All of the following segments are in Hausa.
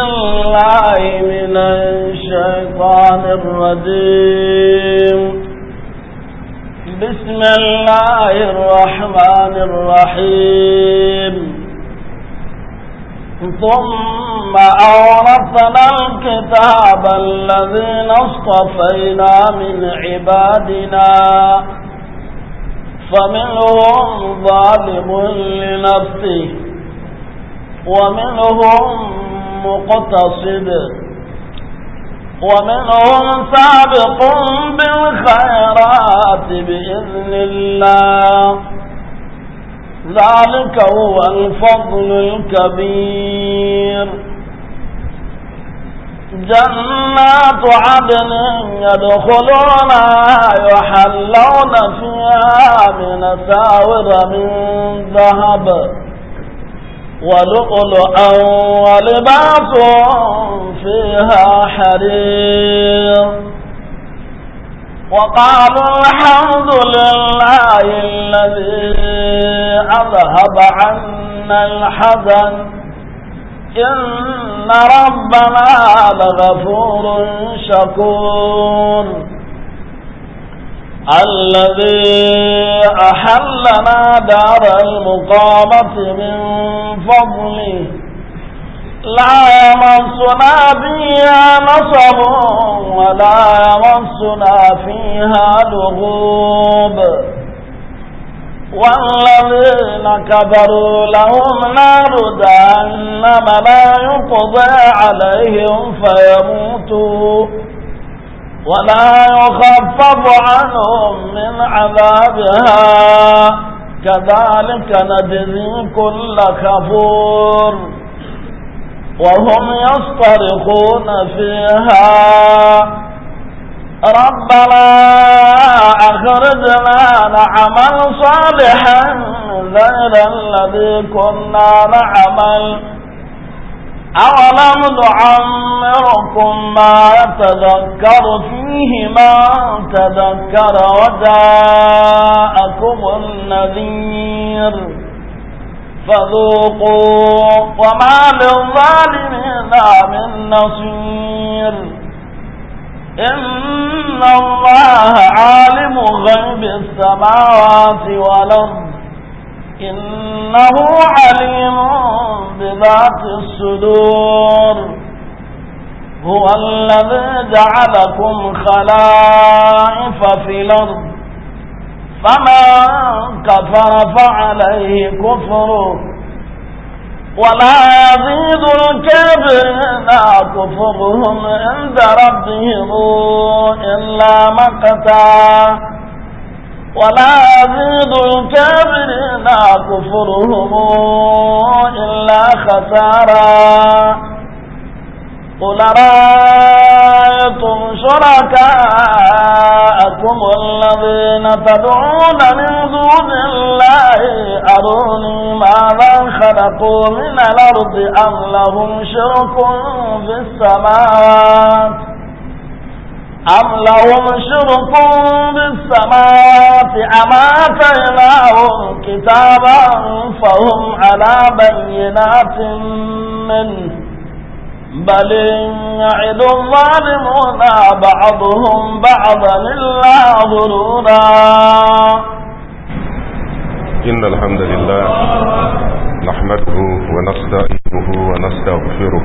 الله من الشيطان الرجيم بسم الله الرحمن الرحيم ثم أورثنا الكتاب الذين اصطفينا من عبادنا فمنهم ظالم لنفسه ومنهم مقتصد ومنهم سابق بالخيرات بإذن الله ذلك هو الفضل الكبير جنات عدن يدخلونها يحلون فيها من ساور من ذهب ولؤلؤا ولباس فيها حرير وقالوا الحمد لله الذي أذهب عنا الحزن إن ربنا لغفور شكور alahaanadaramkaasịvọli laasụ naabịa asọwaasụ na fihadụgụba nwala na na-rụzana, kaarulahụnarụdaamana kụga alahefaamtụ ولا يخفف عنهم من عذابها كذلك نجزي كل كفور وهم يصطرخون فيها ربنا أخرجنا نعمل صالحا غير الذي كنا نعمل أولم نعمركم ما يتذكر فيه ما تذكر وجاءكم النذير فذوقوا وما للظالمين من نصير إن الله عالم غيب السماوات والأرض إنه عليم بذات الصدور هو الذي جعلكم خلائف في الأرض فمن كفر فعليه كفره ولا يزيد الكافرين كفرهم عند ربهم إلا مقتا ولا يزيد الكافرين كفرهم إلا خسارا قل رأيتم شركاءكم الذين تدعون من دون الله أروني ماذا خلقوا من الأرض أم لهم شرك في السماوات أم لهم شرك بالسماوات أم آتيناهم كتابا فهم على بينات منه بل يعد الظالمون بعضهم بعضا إلا غرورا إن الحمد لله نحمده ونستعينه ونستغفره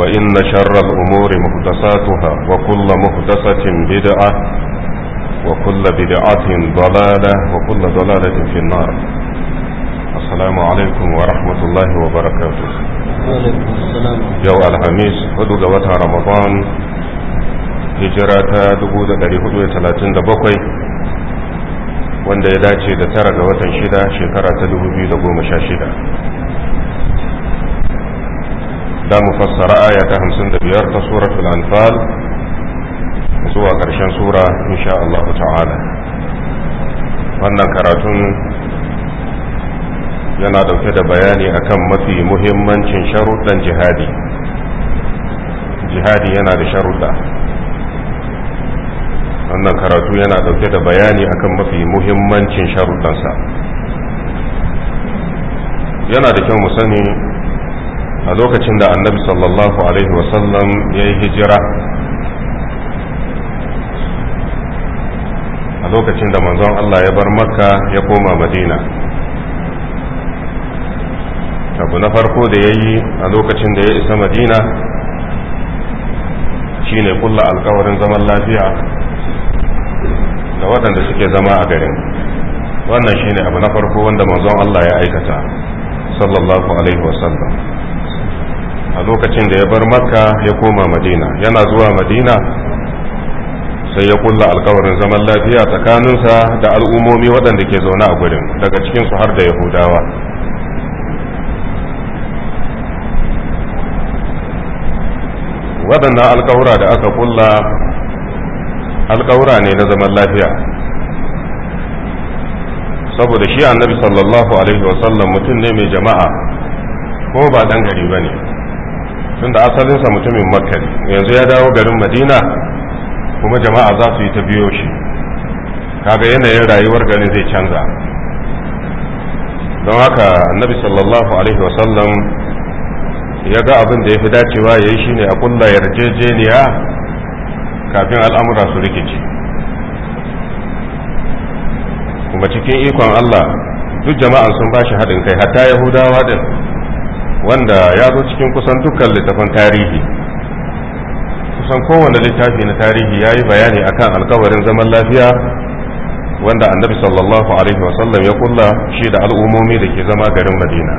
وإن شر الأمور محدثاتها وكل محدثة بدعة وكل بدعة ضلالة وكل ضلالة في النار السلام عليكم ورحمة الله وبركاته وعليكم السلام يو الخميس حدود وتر رمضان هجرة دبودة لهدوة 37 wanda ya dace da tara ga watan shida shekara ta 2016 da mu fassara aya ta hamsin da biyar ta suratul anfal zuwa ƙarshen sura insha Allah ta'ala wannan karatun yana dauke da bayani akan mafi muhimmancin sharuɗan jihadi jihadi yana da sharuɗa wannan karatu yana dauke da bayani akan mafi muhimmancin sharuɗansa yana da kyau mu sani a lokacin da annabi sallallahu alaihi wasallam ya yi hijira a lokacin da manzon Allah ya bar makka ya koma madina abu na farko da ya yi a lokacin da ya isa madina shine kulla alkawarin zaman lafiya da waɗanda suke zama a garin wannan shine abu na farko wanda manzon Allah ya aikata sallallahu alaihi wasallam a lokacin da ya bar makka ya koma madina yana zuwa madina sai ya kulla alkawarin zaman lafiya tsakaninsa da al'ummomi waɗanda ke zaune a gurin daga cikinsu har da yahudawa waɗannan alkawura da aka kulla alkawura ne na zaman lafiya saboda shi annabi sallallahu alaihi wasallam mutum ne mai jama'a ko ba ɗan gari ba ne Tunda da asalinsa mutumin makka yanzu ya dawo garin madina kuma jama'a za su yi ta biyo shi kaga yanayin rayuwar garin zai canza don haka annabi sallallahu alaihi wasallam ya ga abin da ya fi dacewa ya yi shi ne a kulla yarjejeniya kafin al'amura su rikici kuma cikin ikon allah duk jama'an sun ba shi haɗin kai hatta yahudawa din wanda ya zo cikin kusan dukkan littafin tarihi kusan kowane littafi na tarihi ya yi bayani akan alkawarin zaman lafiya wanda annabi sallallahu alaihi wasallam ya kulla shi da al'ummomi da ke zama garin madina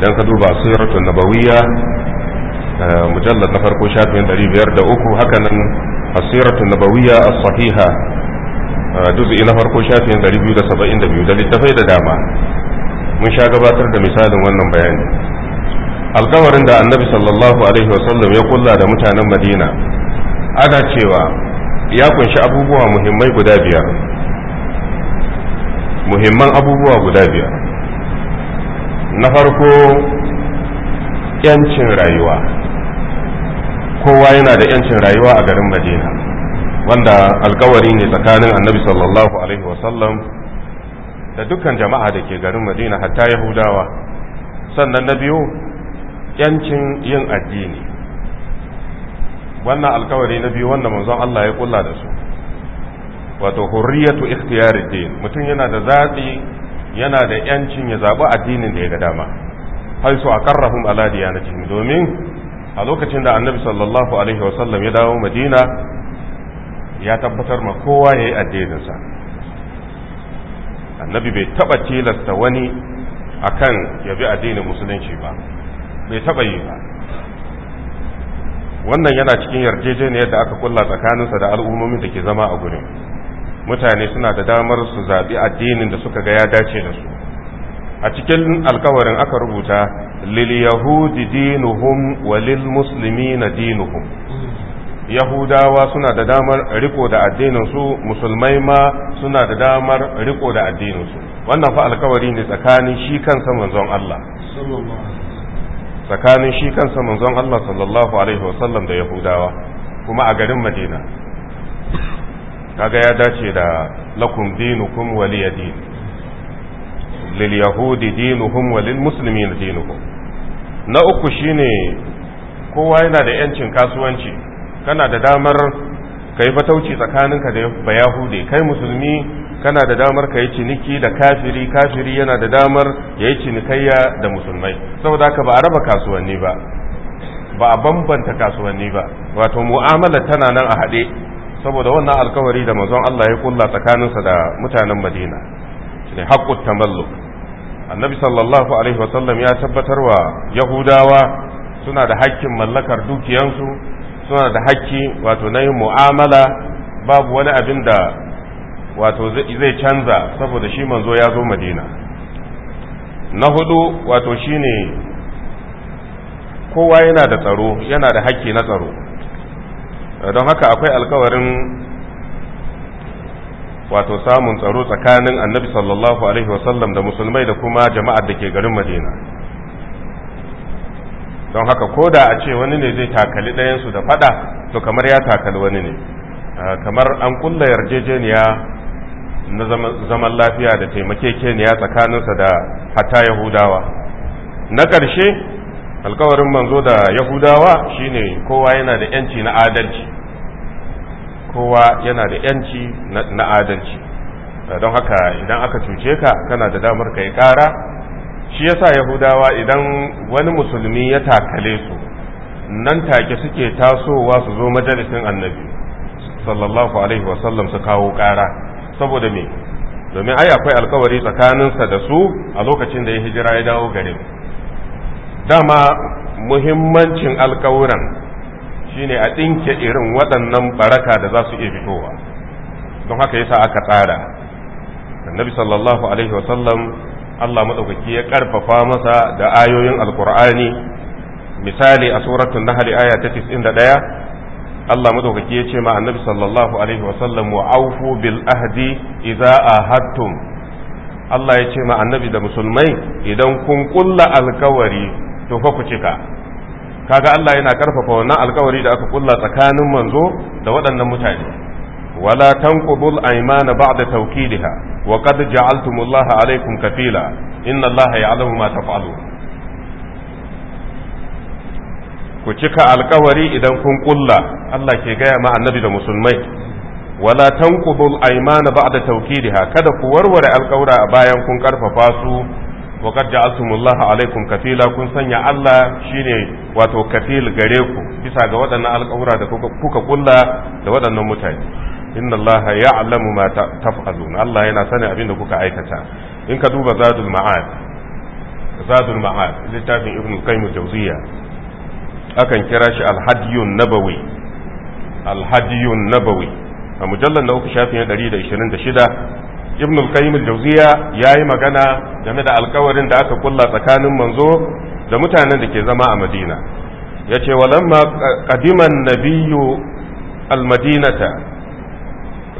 idan ka duba siratu nabawiyya eh, mujallad na farko shafin 503 hakanan asiratun nabawiyya as-sahiha juz'i eh, na farko shafin 272 da littafai da dama mun sha gabatar da misalin wannan bayani alkawarin da annabi sallallahu alaihi wasallam ya kulla da mutanen madina ana cewa ya kunshi abubuwa muhimmai guda biyar muhimman abubuwa guda biyar na farko yancin rayuwa kowa yana da yancin rayuwa a garin madina wanda alkawari ne tsakanin annabi sallallahu alaihi wasallam da dukkan jama'a da ke garin madina hatta yahudawa sannan na biyu yancin yin addini wannan alkawari na biyu wanda manzon Allah ya kulla da su wato hurriyatu ikhtiyari din mutum yana da zaɓi yana da yancin ya zaɓi addinin da ya ga dama haisu a karrahun ala diyanatihim domin a lokacin da annabi sallallahu alaihi wasallam ya dawo madina ya tabbatar ma kowa ya yi addininsa annabi bai taɓa tilasta wani akan ya bi addinin musulunci ba bai taɓa yi ba wannan yana cikin yarjejeniyar da aka kulla tsakaninsa da al'ummomin da ke zama a gurin mutane suna da damar su zaɓi addinin da suka ga ya dace da su a cikin alkawarin aka rubuta lil yahudi dinuhum wa lil muslimina dinuhum yahudawa suna da damar riko da addinin su musulmai ma suna da damar riko da addinin su wannan fa alkawari ne tsakanin shi kansa manzon Allah tsakanin shi kansa manzon Allah sallallahu alaihi wasallam da yahudawa kuma a garin madina kaga ya dace da lakum dinukum waliya din lil yahudi dinuhum walil muslimin dinuhum na uku shine kowa yana da yancin kasuwanci kana da damar kai fatauci tsakaninka da yahudi kai musulmi kana da damar ka yi ciniki da kafiri kafiri yana da damar ya yi cinikayya da musulmai saboda haka ba a raba kasuwanni ba ba a bambanta kasuwanni ba wato mu'amala tana nan a haɗe saboda wannan alkawari da mazon Allah ya kulla tsakaninsa da mutanen Madina shine haqqut tamalluk annabi sallallahu alaihi wasallam ya tabbatar wa yahudawa suna da haƙƙin mallakar dukiyansu suna da haƙƙi wato na yin mu'amala babu wani abin da wato zai canza saboda shi manzo ya zo madina na hudu wato shi ne kowa yana da tsaro yana da haƙƙi na tsaro don haka akwai alkawarin wato samun tsaro tsakanin annabi sallallahu alaihi wasallam da musulmai da kuma jama'ar da ke garin madina don haka ko da a ce wani ne zai takali ɗayansu da fada to kamar ya takali wani ne ah, kamar an kulla yarjejeniya na zaman lafiya da taimake taimakekeniya tsakaninsa da hata yahudawa na ƙarshe alkawarin manzo da yahudawa shine kowa yana da yanci na adalci kowa yana da yanci na adalci don haka idan aka cuce ka kana da damar ka yi ƙara shi yasa yahudawa idan wani musulmi ya takale su nan take suke tasowa su zo majalisin annabi sallallahu alaihi wasallam su kawo ƙara saboda me domin ai akwai alkawari tsakaninsa da su a lokacin da ya hijira ya dawo garin dama muhimmancin alkawuran shine a ɗinke irin waɗannan baraka da za su iya fitowa don haka yasa aka tsara annabi sallallahu alaihi wasallam Allah madaukaki ya ƙarfafa masa da ayoyin alkur'ani misali a suratun nahali aya ta 91 Allah madaukaki ya ce ma annabi sallallahu alaihi wa sallam wa aufu bil ahdi idza ahadtum Allah ya ce ma annabi da musulmai idan kun kulla alkawari to fa ku cika kaga Allah yana karfafa wannan alkawari da aka kulla tsakanin manzo da waɗannan mutane wala tanqudul aymana ba'da tawkidiha wa qad ja'altumullaha alaikum kafila inna Allaha ya'lamu ma taf'alun ku cika alkawari idan kun kulla Allah ke gaya ma annabi da musulmai wala tanqudul aymana ba'da tawkidiha kada ku warware alkawura a bayan kun karfafa su wa qad ja'altumullaha alaikum kafila kun sanya Allah shine wato kafil gare ku bisa ga waɗannan alkawura da kuka kulla da waɗannan mutane inna Allah ya'lamu ma taf'alun Allah yana sanin abin da kuka aikata in ka duba zadul ma'ad zadul ma'ad littafin Ibn qayyim jawziya akan kira shi alhadiyun nabawi alhadiyun nabawi a mujallar na uku shafin 126 ibn al-qayyim al-jawziya yayi magana game da alkawarin da aka kulla tsakanin manzo da mutanen da ke zama a madina yace walamma qadiman nabiyyu al-madinata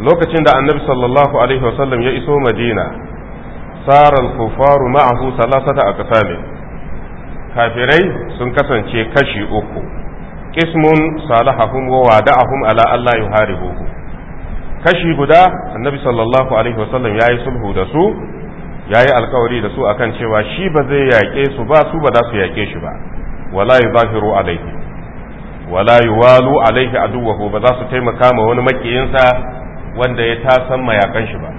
lokacin da annabi sallallahu alaihi wasallam ya iso madina sarar kufaru ma'ahu salasata a kafirai sun kasance kashi uku kismun salahahum wa wada'ahum ala Allah yuharibuhu kashi guda annabi sallallahu alaihi wasallam yayi sulhu da su yayi alkawari da su akan cewa shi ba zai yaƙe su ba su ba za su yaƙe shi ba wala yuzahiru alaihi wala yuwalu alaihi aduwahu ba za su taimaka ma wani makiyinsa wanda ya tasan mayakan shi ba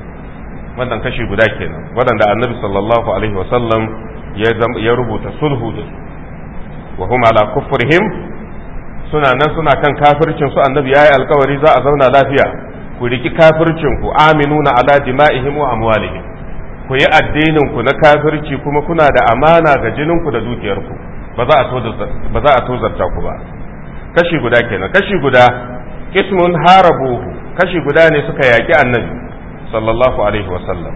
wannan kashi guda kenan waɗanda annabi sallallahu alaihi wasallam ya rubuta sulhu da su wa hum ala kufrihim suna nan suna kan kafircin su annabi yayi alkawari za a zauna lafiya ku riki kafircin ku aminuna ala dima'ihim wa amwalihim ku yi addinin ku na kafirci kuma kuna da amana ga jinin ku da dukiyar ku ba za a tozarta ku ba kashi guda kenan kashi guda ismun harabu kashi guda ne suka yaki annabi sallallahu alaihi wa sallam.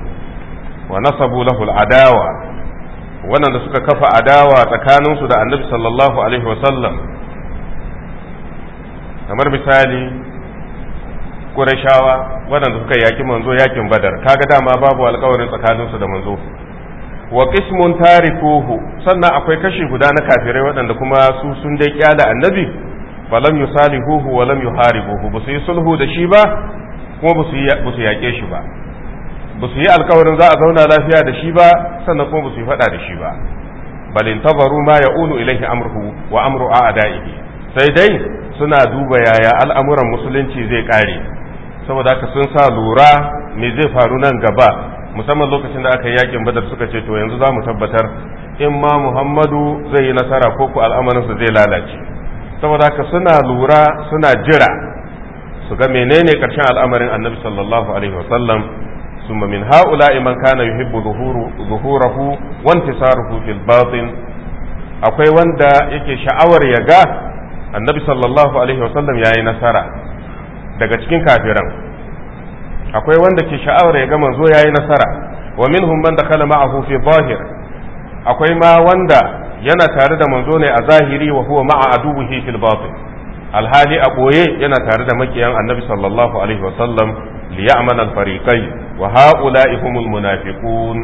wa nasabu lahu al'adawa waɗanda suka kafa adawa tsakaninsu da annabi sallallahu alaihi wasallam kamar misali ƙurashawa waɗanda suka yaki manzo yakin badar kaga dama babu alkawarin tsakaninsu da manzo wa qismun tarikuhu sannan akwai kashi guda na kafirai waɗanda kuma su sun dai kyala annabi falam yusalihuhu wa lam yuharibuhu ba su yi sulhu da shi ba kuma ba su yaƙe shi ba ba su yi alkawarin za a zauna lafiya da shi ba sannan kuma ba su yi faɗa da shi ba balintabaru tabaru ma unu ilaihi amruhu wa amru a'da'ihi sai dai suna duba yaya al'amuran musulunci zai kare saboda haka sun sa lura me zai faru nan gaba musamman lokacin da aka yi yakin badar suka ce to yanzu za mu tabbatar in ma muhammadu zai yi nasara ko ku al'amarinsa zai lalace saboda haka suna lura suna jira su ga menene ƙarshen al'amarin annabi sallallahu alaihi wasallam ثم من هؤلاء من كان يحب ظهور ظهوره وانتصاره في الباطن akwai wanda yake sha'awar ya ga annabi sallallahu alaihi wasallam ya yi nasara daga cikin kafiran akwai wanda ke sha'awar ya ga manzo ya yi nasara wa minhum man kala ma'ahu fi zahir akwai ma wanda yana tare da manzo ne a zahiri wa huwa ma'a aduwihi fil batin alhali a boye yana tare da makiyan annabi sallallahu alaihi wasallam liya'man al-fariqai wa ha'ula'i humul munafiqun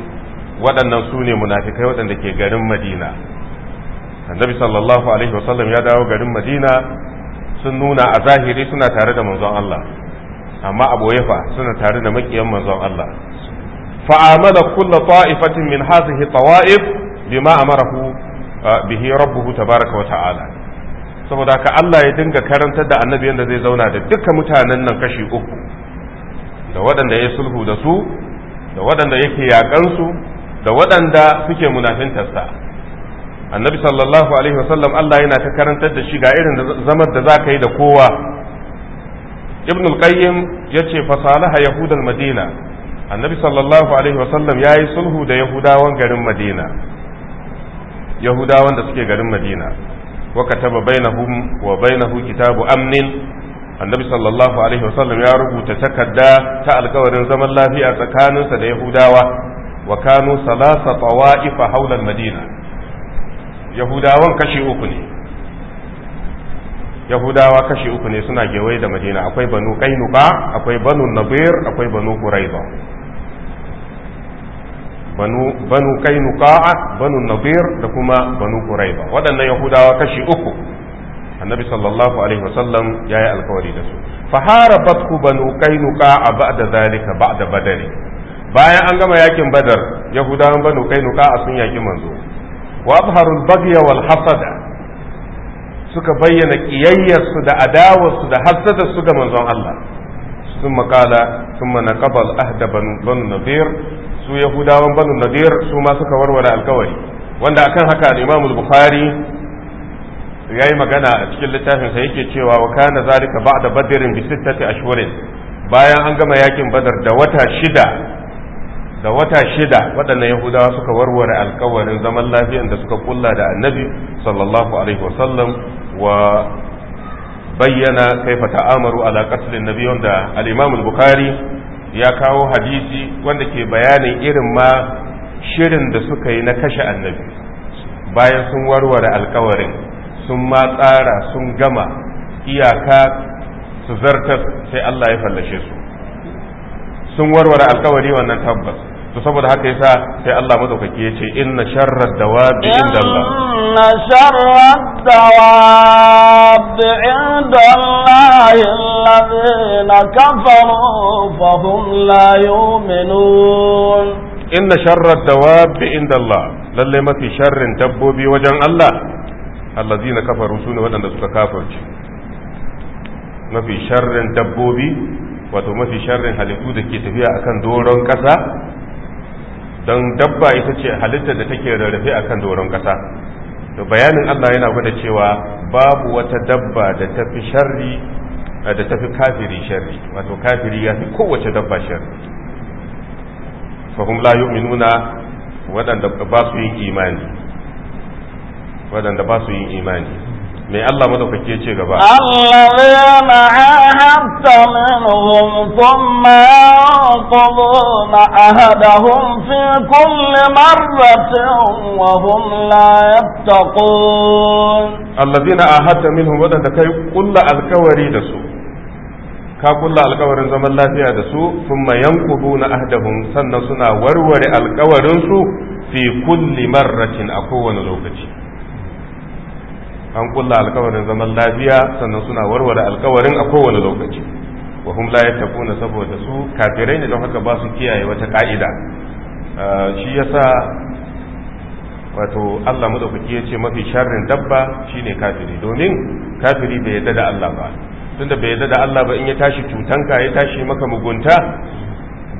waɗannan su munafikai waɗanda ke garin Madina annabi sallallahu alaihi wasallam ya dawo garin Madina sun nuna a zahiri suna tare da manzon Allah amma a suna tare da makiyan manzon Allah fa'amala kulla ta'ifatin min hadhihi tawa'if bima amarahu bihi rabbuhu tabaraka wa ta'ala saboda haka Allah ya dinga karantar da annabi yanda zai zauna da duka mutanen nan kashi uku da waɗanda ya sulhu da su da waɗanda yake yaƙansu da waɗanda suke munafintarsa annabi sallallahu alaihi wasallam Allah yana ta karantar da shi ga irin zamar da za ka yi da kowa ibn al-qayyim yace fa salaha Yahudan madina annabi sallallahu alaihi wasallam yayi sulhu da yahudawan garin madina yahudawan da suke garin madina wa kataba bainahum wa bainahu kitabu amnin annabi sallallahu alaihi wasallam ya rubuta takarda ta alkawarin zaman lafiya tsakaninsa da yahudawa wa kanu salasa tawa'ifa haulan madina yahudawan kashi uku ne yahudawa kashi uku ne suna gewaye da madina akwai banu kainuka akwai banu nadir akwai banu quraiza banu banu kainuka banu nadir da kuma banu quraiza waɗannan yahudawa kashi uku annabi sallallahu alaihi wasallam ya yi alkawari da su faharabat ku banu kainuka a ba'da zalika ba'da badari bayan an gama yakin badar yahudawan banu kainuka a sun yaki manzo wa suka bayyana kiyayyarsu da adawarsu da hasadar su ga manzon Allah sun makala sun mana kabal ahda banu nadir su yahudawan banu nadir su ma suka warware alkawari wanda akan haka al-imamul bukhari ya yi magana a cikin littafin littafinsa yake cewa wa kana zalika ba'da badrin bi sittati ashhurin bayan an gama yakin badar da wata shida da wata shida waɗannan yahudawa suka warware alkawarin zaman lafiyan da suka kulla da annabi sallallahu alaihi wasallam wa bayyana kaifa ta'amaru ala qatlin nabi wanda al-imam al-bukhari ya kawo hadisi wanda ke bayanin irin ma shirin da suka yi na kashe annabi bayan sun warware alkawarin sun ma tsara sun gama iyaka su zartar sai Allah ya fallashe su sun warware alkawari wannan tabbas to saboda haka yasa sai Allah madaukaki yace inna sharrad dawabi inda Allah inna sharrad dawabi inda Allah alladhina kafaru fa hum la yu'minun inna sharrad dawabi inda Allah lalle mafi sharrin dabbobi wajen Allah allazina kafaru su ne waɗanda suka kafarci mafi sharrin dabbobi wato mafi sharrin halittu da ke tafiya akan doron ƙasa don dabba ita ce halittar da take rarrafe akan doron ƙasa to bayanin Allah yana gwada cewa babu wata dabba da ta fi sharri da ta fi kafiri sharri wato kafiri ya fi kowace dabba sharri fahim la yu'minuna waɗanda ba su yin imani waɗanda ba su yin imani mai Allah madaukake ya ce gaba allazina ahadta minhum thumma yanquduna ahadahum fi kulli marratin wa hum la yattaqun allazina ahadta minhum waɗanda kai kulla alkawari da su ka kulla alkawarin zaman lafiya da su thumma yanquduna ahadahum sannan suna warware alkawarin su fi kulli marratin a kowane lokaci an kulla alkawarin zaman lafiya sannan suna warware alkawarin a kowane lokaci wa hum la yattaquna saboda su kafirai ne don haka ba su kiyaye wata ka'ida ah, shi yasa wato Allah madaukaki yace mafi sharrin dabba shine kafiri domin kafiri bai yadda da Allah ba tunda bai yadda da Allah ba in ya tashi cutanka ya tashi maka mugunta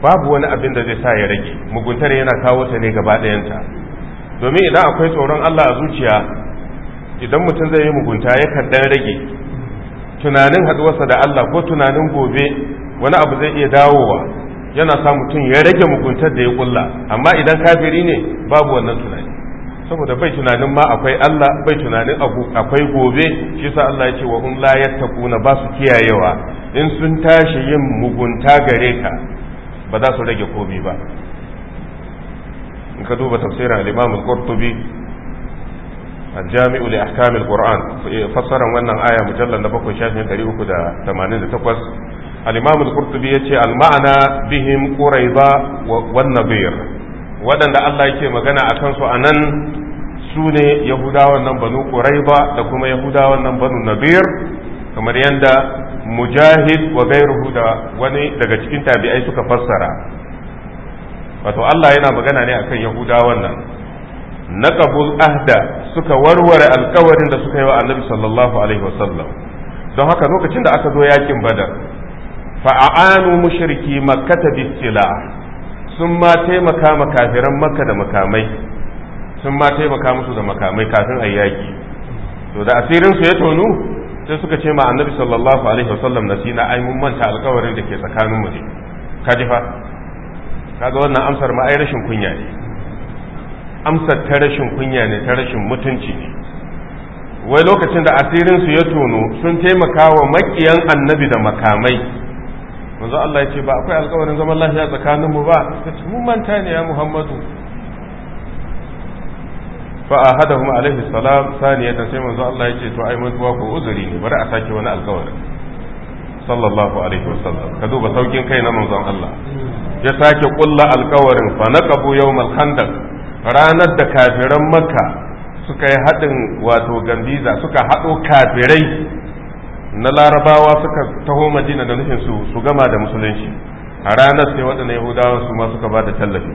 babu wani abin da zai sa ya rage muguntar yana kawo ta ne gaba ɗayanta domin idan akwai tsoron Allah a zuciya idan mutum zai yi mugunta ya dan rage tunanin haduwarsa da Allah ko tunanin gobe wani abu zai iya dawowa yana sa mutum ya rage muguntar da ya kulla amma idan kafiri ne babu wannan tunani saboda bai tunanin ma akwai Allah bai tunanin akwai gobe shi sa Allah ya ce wa hum la yattaquna ba su kiyayewa in sun tashi yin mugunta gare ka ba za su rage komai ba in ka duba tafsirin al-Imam al-Qurtubi الجامع لأحكام القرآن فسر وانا آية مجلد نبقى شاشن تريوك دا ثمانين تقوص الإمام القرطبي المعنى بهم قريضة والنظير وانا الله يكي مغانا أكنسو أنن سوني يهودا وانا بنو قريضة لكم يهودا وانا بنو نظير kamar yadda mujahid wa gairuhu da wani daga cikin tabi'ai suka fassara wato Allah yana magana ne akan yahudawan nan naqabul ahda suka warware alkawarin da suka yi wa annabi sallallahu alaihi wasallam don haka lokacin da aka zo yakin badar fa'anu mushriki makkata bisila sun ma taimaka makafiran makka da makamai sun ma taimaka musu da makamai kafin a yaki to da asirin su ya tonu sai suka ce ma annabi sallallahu alaihi wasallam nasina ai mun manta alkawarin da ke tsakaninmu mu ne kaji fa kaga wannan amsar ma ai rashin kunya ne amsar ta rashin kunya ne ta rashin mutunci ne wai lokacin da asirinsu ya tono sun taimaka wa makiyan annabi da makamai manzo Allah ya ce ba akwai alkawarin zaman lafiya tsakaninmu ba ta ce mun manta ne ya Muhammadu fa ahadahum alaihi salam saniyatan sai manzo Allah ya ce to ai mun ko uzuri ne bari a sake wani alkawarin sallallahu alaihi wasallam ka duba saukin kai na manzon Allah ya sake kulla alkawarin fa naqabu yawmal khandaq ranar da kafiran makka suka yi haɗin wato gambiza suka haɗo kafirai na larabawa suka taho madina da nufin su gama da musulunci a ranar sai waɗanda yahudawa su ma suka ba da tallafi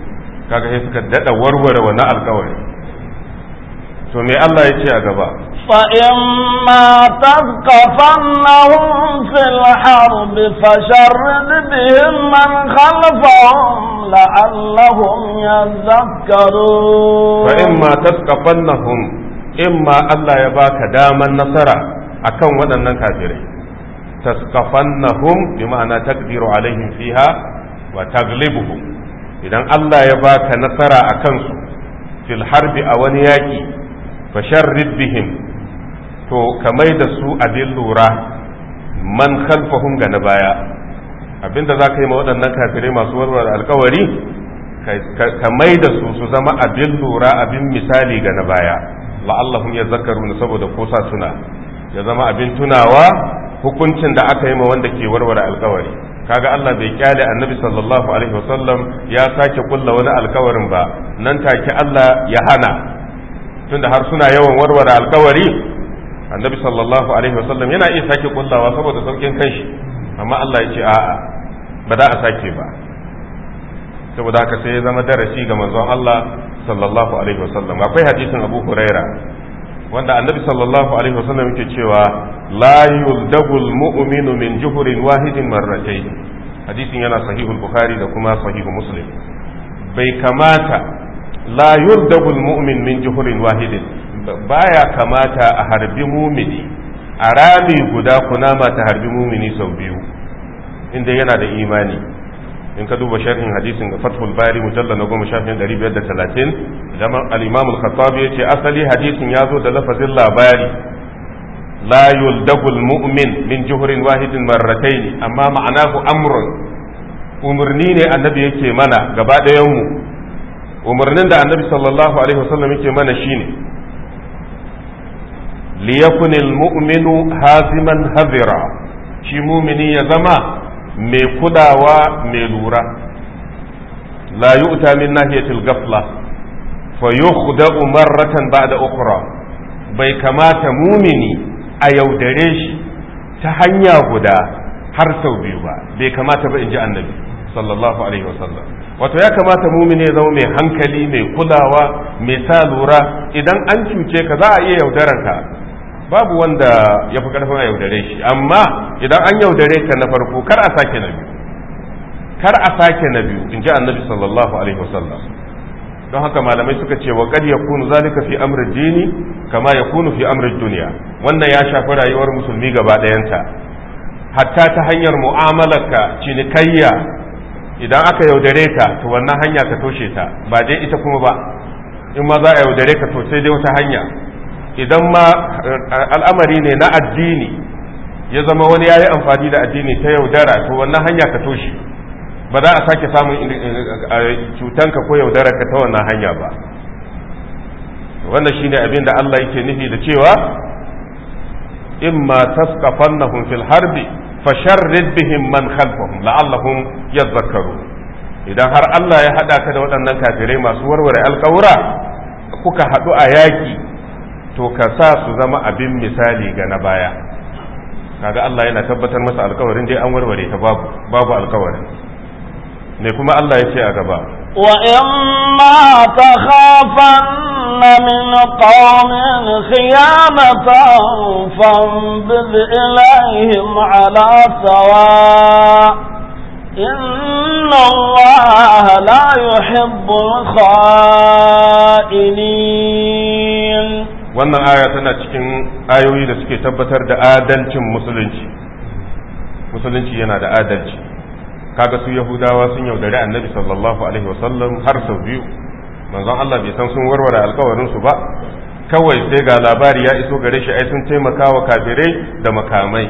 kaga sai suka daɗa warware wani alkawari to me Allah ya ce a gaba فإما تثقفنهم في الحرب فشرد بهم من خلفهم لعلهم يذكرون فإما تثقفنهم إما الله يباك داما نصرا أكم ودنا كافرين تثقفنهم بمعنى تقدر عليهم فيها وتغلبهم إذا الله يباك نصرا أكنسو في الحرب أو ياكي fasharrid bihim to kamai da su abin lura man khalfahum ga na baya abinda za ka yi ma waɗannan kafirai masu warware alkawari ka mai da su su zama abin lura abin misali ga na baya la'allahum ya zakaru saboda ko sa ya zama abin tunawa hukuncin da aka yi ma wanda ke warware alkawari kaga Allah bai kyale annabi sallallahu alaihi wasallam ya sake kulla wani alkawarin ba nan take Allah ya hana tunda har suna yawan warware alkawari annabi sallallahu alaihi wasallam yana iya sake kullawa saboda saukin kanshi amma Allah ya ce a'a ba za a sake ba saboda haka sai ya zama darasi ga manzon Allah sallallahu alaihi wasallam akwai hadisin Abu Huraira wanda annabi sallallahu alaihi wasallam yake cewa la yuldagul mu'minu min juhurin wahidin marratayn hadisin yana sahihul bukhari da kuma sahihu muslim bai kamata la yurdabu mu'min min juhurin wahidin baya kamata a harbi mumini a rami guda kunama ta harbi mumini sau biyu inda yana da imani in ka duba sharhin hadisin ga fathul bari mujalla na goma shafin ɗari biyar da talatin al'imam al-khattabi ya ce asali hadisin ya zo da lafazin labari la yuldagul mu'min min juhurin wahidin marratain amma ma'anahu amrun umarni ne annabi yake mana gaba ɗayanmu umarnin da annabi sallallahu alaihi wasallam yake mana shine liyakunil mu'minu haziman hazira shi mumini ya zama mai kudawa mai lura la yu'ta min nahiyatil ghafla fa yukhda'u marratan ba'da ukhra bai kamata mumini a yaudare shi ta hanya guda har sau biyu ba bai kamata ba in ji annabi sallallahu alaihi wasallam wato ya kamata mumini ne zama mai hankali mai kulawa mai sa lura idan an cuce ka za a iya yaudarar ka babu wanda ya fi karfin a yaudare shi amma idan an yaudare ka na farko kar a sake na biyu kar a sake na biyu in ji annabi sallallahu alaihi wasallam don haka malamai suka ce wa kad yakunu zalika fi amri dini kama ya kunu fi amri duniya wannan ya shafi rayuwar musulmi gaba ɗayanta hatta ta hanyar mu'amalarka cinikayya idan aka yaudare ka to wannan hanya ka toshe ta ba dai ita kuma ba in ma za a yaudare ka to sai dai wata hanya idan ma eh, al'amari ne na addini ya zama wani ya yi amfani da addini ta yaudara to wannan hanya ka toshe ba za a sake samun eh, eh, cutanka ko yaudara ka ta wannan hanya ba wannan shine abin da Allah yake nufi da cewa imma tasqafannahum fil harbi fasharrid bihim man khalfahum la'allahum yadhakkaru idan har Allah ya hada ka da waɗannan kafirai masu warware alƙawura kuka haɗu a yaƙi to ka sa su zama abin misali ga na baya kaga Allah yana tabbatar masa alƙawarin dai an warware ta babu babu alƙawarin ne kuma Allah ya ce a gaba wa in ma takhafanna min qawmin khiyamatan fanbid ilaihim ala sawa إن الله لا يحب الخائنين wannan aya tana cikin ayoyi da suke tabbatar da adalcin musulunci musulunci yana da adalci kaga su yahudawa sun yaudari annabi sallallahu alaihi wasallam har sau biyu manzon Allah bai san sun warware alkawarin su ba kawai sai ga labari ya iso gare shi ai sun taimaka wa kafirai da makamai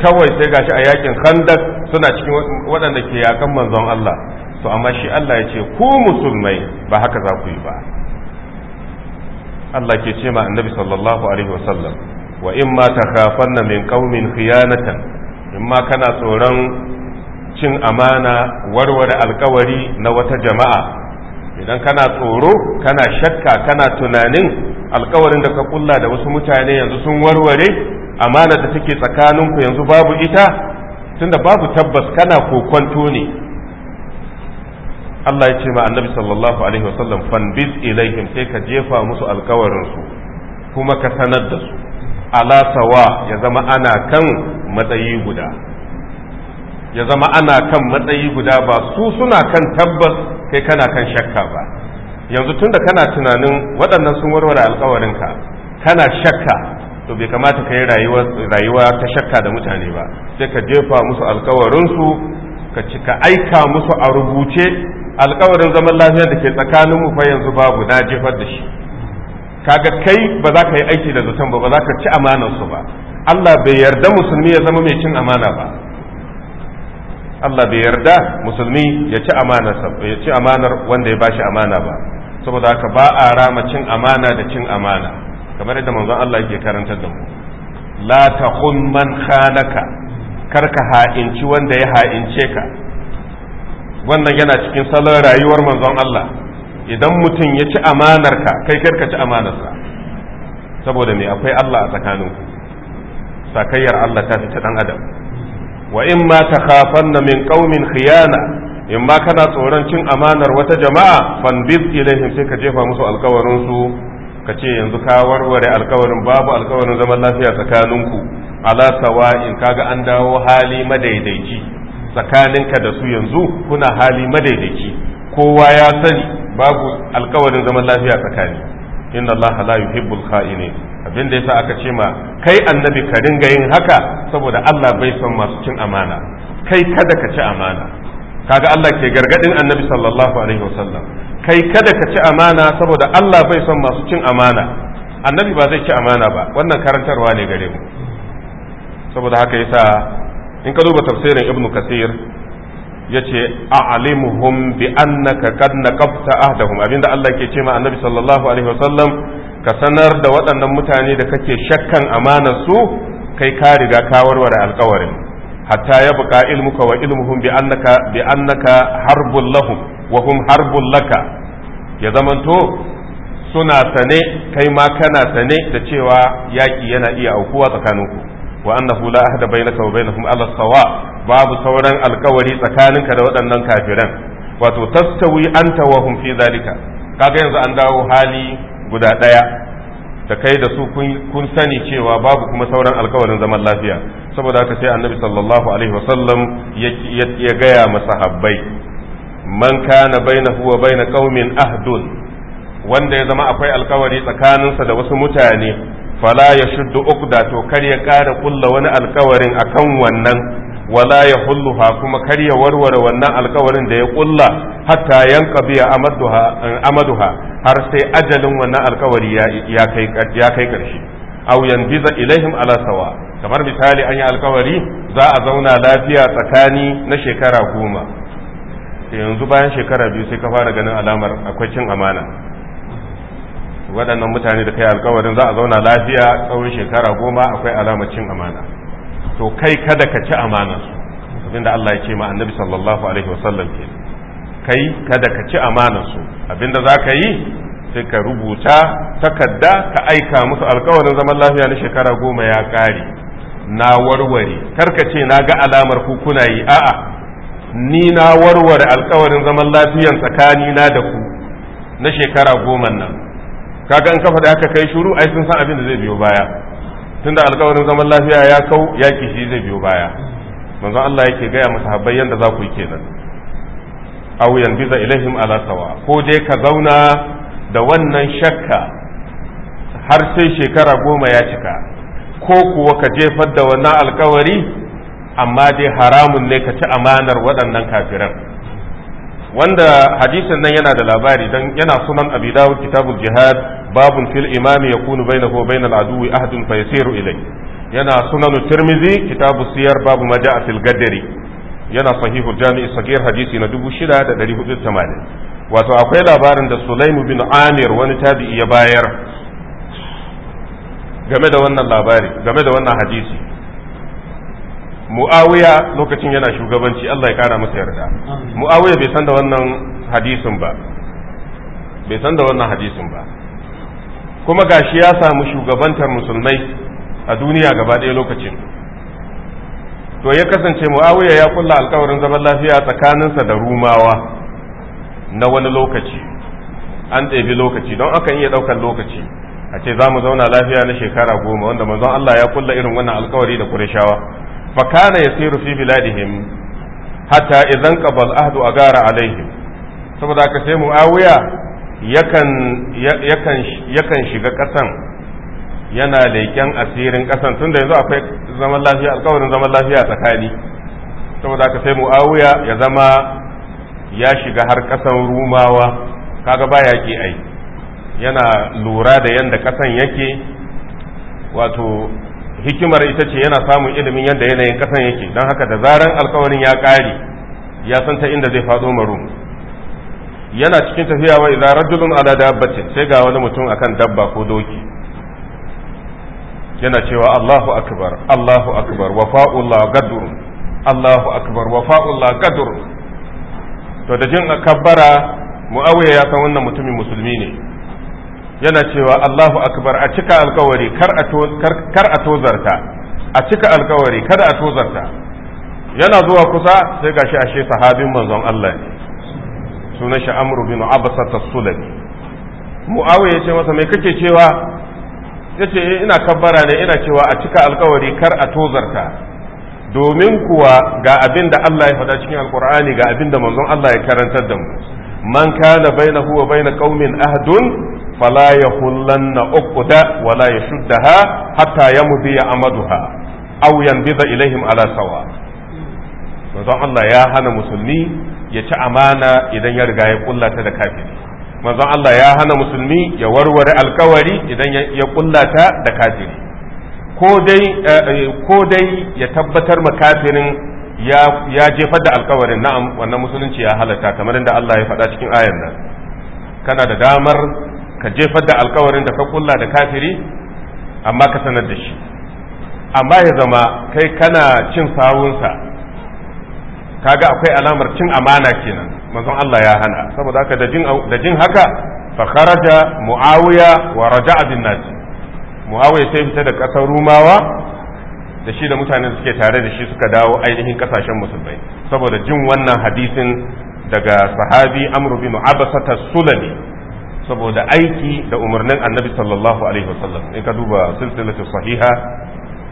kawai sai ga shi a yakin khandak suna cikin waɗanda ke yakan manzon Allah to amma shi Allah ya ce ku musulmai ba haka za ku yi ba Allah ke ce ma annabi sallallahu alaihi wasallam wa in ma takhafanna min qaumin khiyanatan in ma kana tsoron cin amana warware alkawari na wata jama'a idan kana tsoro kana shakka kana tunanin alkawarin da ka kulla da wasu mutane yanzu sun warware amana da take tsakaninku yanzu babu ita tunda babu tabbas kana kokwanto ne Allah ya ce ma annabi sallallahu alaihi wasallam fanbiz ilaihim sai ka jefa musu alkawarin su kuma ka sanar da su ala sawa ya zama ana kan matsayi guda ya zama ana kan matsayi guda ba su suna kan tabbas kai kana kan shakka ba yanzu tunda kana tunanin waɗannan sun warware alkawarinka kana shakka to bai kamata ka yi rayuwa ta shakka da mutane ba sai ka jefa musu alkawarinsu ka cika aika musu a rubuce alkawarin zaman lafiyar da ke tsakanin mu fa yanzu babu na jefar da shi kaga kai ba za ka yi aiki da zaton ba ba za ka ci amanarsu ba Allah bai yarda musulmi ya zama mai cin amana ba Allah bai yarda musulmi ya ci ya ci amanar wanda ya bashi amana ba saboda haka ba a rama cin amana da cin amana kamar yadda manzon Allah yake karantar da mu la takhun man khanaka kar ka ha'inci wanda ya ha'ince ka wannan yana cikin salon rayuwar manzon Allah idan mutum ya ci amanar ka kai kar ka ci amanarsa saboda me akwai Allah a tsakaninku sakayyar Allah ta fi ta dan adam wa in ma takhafanna min qaumin khiyana in ma kana tsoron cin amanar wata jama'a fanbiz ilaihim sai ka jefa musu alkawarin su ka ce yanzu ka warware alkawarin babu alkawarin zaman lafiya tsakaninku ala in kaga an dawo hali madaidaici tsakaninka da su yanzu kuna hali madaidaici kowa ya sani babu alkawarin zaman lafiya tsakani inna Allah la yuhibbul kha'ini abin da yasa aka ce ma kai annabi ka ringa yin haka saboda Allah bai son masu cin amana kai kada ka ci amana kaga Allah ke gargadin annabi sallallahu alaihi wasallam kai kada ka ci amana saboda Allah bai son masu cin amana annabi ba zai ci amana ba wannan karantarwa ne gare mu saboda haka yasa in ka duba tafsirin ibnu kasir yace a'limuhum bi annaka qad naqabta ahdahum abinda Allah ke ce ma annabi sallallahu alaihi wasallam ka sanar da waɗannan mutane da kake shakkan amanar su kai ka riga ka warware alƙawarin hatta ya buƙa ilmuka wa ilmuhum bi annaka bi annaka harbul lahum wa hum harbul laka ya zamanto suna sane kai ma kana sane da cewa yaki yana iya aukuwa tsakaninku wa annahu la ahda bainaka wa bainahum ala sawa babu sauran alkawari tsakaninka da waɗannan kafiran wato tastawi anta wa zalika kaga yanzu an dawo hali guda ɗaya da kai da su kun sani cewa babu kuma sauran alkawarin zaman lafiya saboda haka sai annabi sallallahu alaihi wasallam ya gaya masahabbai man kana bainahu wa bain qaumin ahdun wanda ya zama akwai alkawari tsakaninsa da wasu mutane fala ya shuddu uqda to kar ya kara kulla wani alkawarin akan wannan wala ya hulluha kuma kar ya warware wannan alkawarin da ya kulla hatta yanqabiya amaduha amaduha har sai ajalin wannan alkawari ya kai ya kai karshe aw yanbiza ilaihim ala sawa kamar misali an yi alkawari za a zauna lafiya tsakani na shekara goma yanzu bayan shekara biyu sai ka fara ganin alamar akwai cin amana waɗannan mutane da kai alkawarin za a zauna lafiya tsawon shekara goma akwai alamar cin amana to kai kada ka ci amana su abinda Allah ya ce ma annabi sallallahu alaihi wasallam ke kai kada ka ci amana su abinda za ka yi sai ka rubuta takarda ka aika musu alkawarin zaman lafiya na shekara goma ya ƙare na warware Kar ka ce na ga alamar ku kuna yi a'a ni na warware alkawarin zaman lafiyan tsakanina da ku na shekara goma nan kaga in kafa da aka kai shuru ai sun san abin da zai biyo baya tunda alkawarin zaman lafiya ya kau yaki shi zai biyo baya manzo Allah yake gaya masa habbai yanda za ku yi kenan aw yanbiza ilaihim ala sawa ko dai ka zauna da wannan shakka har sai shekara goma ya cika ko kuwa ka jefar da wannan alkawari amma dai haramun ne ka ci amanar waɗannan kafiran wanda hadisin nan yana da labari dan yana sunan abi dawud kitabul jihad babun fil imami yakunu bainahu wa bainal aduwi ahadun fayasiru ilay yana sunan tirmizi kitabu siyar babu ma ja'a fil yana sahihu jami'i sagir hadisi na 6480 wato akwai labarin da sulaimu bin amir wani tabi'i ya bayar game da wannan labari game da wannan hadisi mu'awiya lokacin yana shugabanci Allah ya kara masa yarda mu'awiya bai san da wannan hadisin ba bai san da wannan hadisin ba kuma gashi ya samu shugabantar musulmai a duniya gaba ɗaya lokacin to ya kasance mu'awiya ya kulla alkawarin zaman lafiya tsakaninsa da rumawa na wani lokaci an ɗebi lokaci don akan iya ɗaukar lokaci a ce za mu zauna lafiya na shekara goma wanda manzon Allah ya kulla irin wannan alkawari da kurashawa فكان يسير في بلادهم حتى hatta انقضى العهد ahdu عليهم alaihim saboda haka sai muawiya yakan shiga kasan yana leken asirin kasan tunda yanzu akwai zaman lafiya alƙawarin zaman lafiya tsakani saboda haka sai muawiya ya zama ya shiga har kasan rumawa kaga baya ki ai yana lura da yadda kasan yake wato hikimar ita ce yana samun ilimin yadda yanayin kasan yake don haka da zaran alkawarin ya kare ya san ta inda zai faɗo maru. yana cikin tafiya wa idza rajulun ala dabbati sai ga wani mutum akan dabba ko doki yana cewa Allahu akbar Allahu akbar wafa'ullah gadur Allahu akbar wafa'ullah gadur to da jin kabbara muawiya ya san wannan mutumin musulmi ne yana cewa Allahu akbar a cika alkawari kar a tozarta a cika alkawari kada a tozarta yana zuwa kusa sai gashi ashe sahabin manzon Allah ne sunan shi amru bin abasa as Muawiya ya ce masa me kake cewa yace eh, ina kabbara ne ina cewa a cika alkawari kar a tozarta domin kuwa ga abin da Allah ya faɗa cikin alkur'ani ga abin da manzon Allah ya karantar da mu man kana bainahu wa bain qaumin ahdun Wala ya hullanna uqda wala ya shuddaha hatta yamdi amaduha aw yanbida ilaihim ala sawa manzon Allah ya hana musulmi ya ci amana idan ya riga ya kullata da kafiri manzon Allah ya hana musulmi ya warware alkawari idan ya kullata da kafiri ko dai eh, eh, ya tabbatar makafirin ya jefar da alkawarin na'am wannan musulunci ya halatta kamar inda Allah ya faɗa cikin ayan nan kana da damar ka jefar da alkawarin da ka kulla da kafiri amma ka sanar da shi amma ya zama kai kana cin sawunsa kaga akwai alamar cin amana kenan manzon Allah ya hana saboda haka da jin haka fa kharaja muawiya wa raja'a bin nas muawiya sai fita da kasar rumawa da shi da mutanen suke tare da shi suka dawo ainihin kasashen musulmai saboda jin wannan hadisin daga sahabi amru bin abasa sulami saboda aiki da umarnin annabi sallallahu alaihi wasallam in ka duba silsilatu sahiha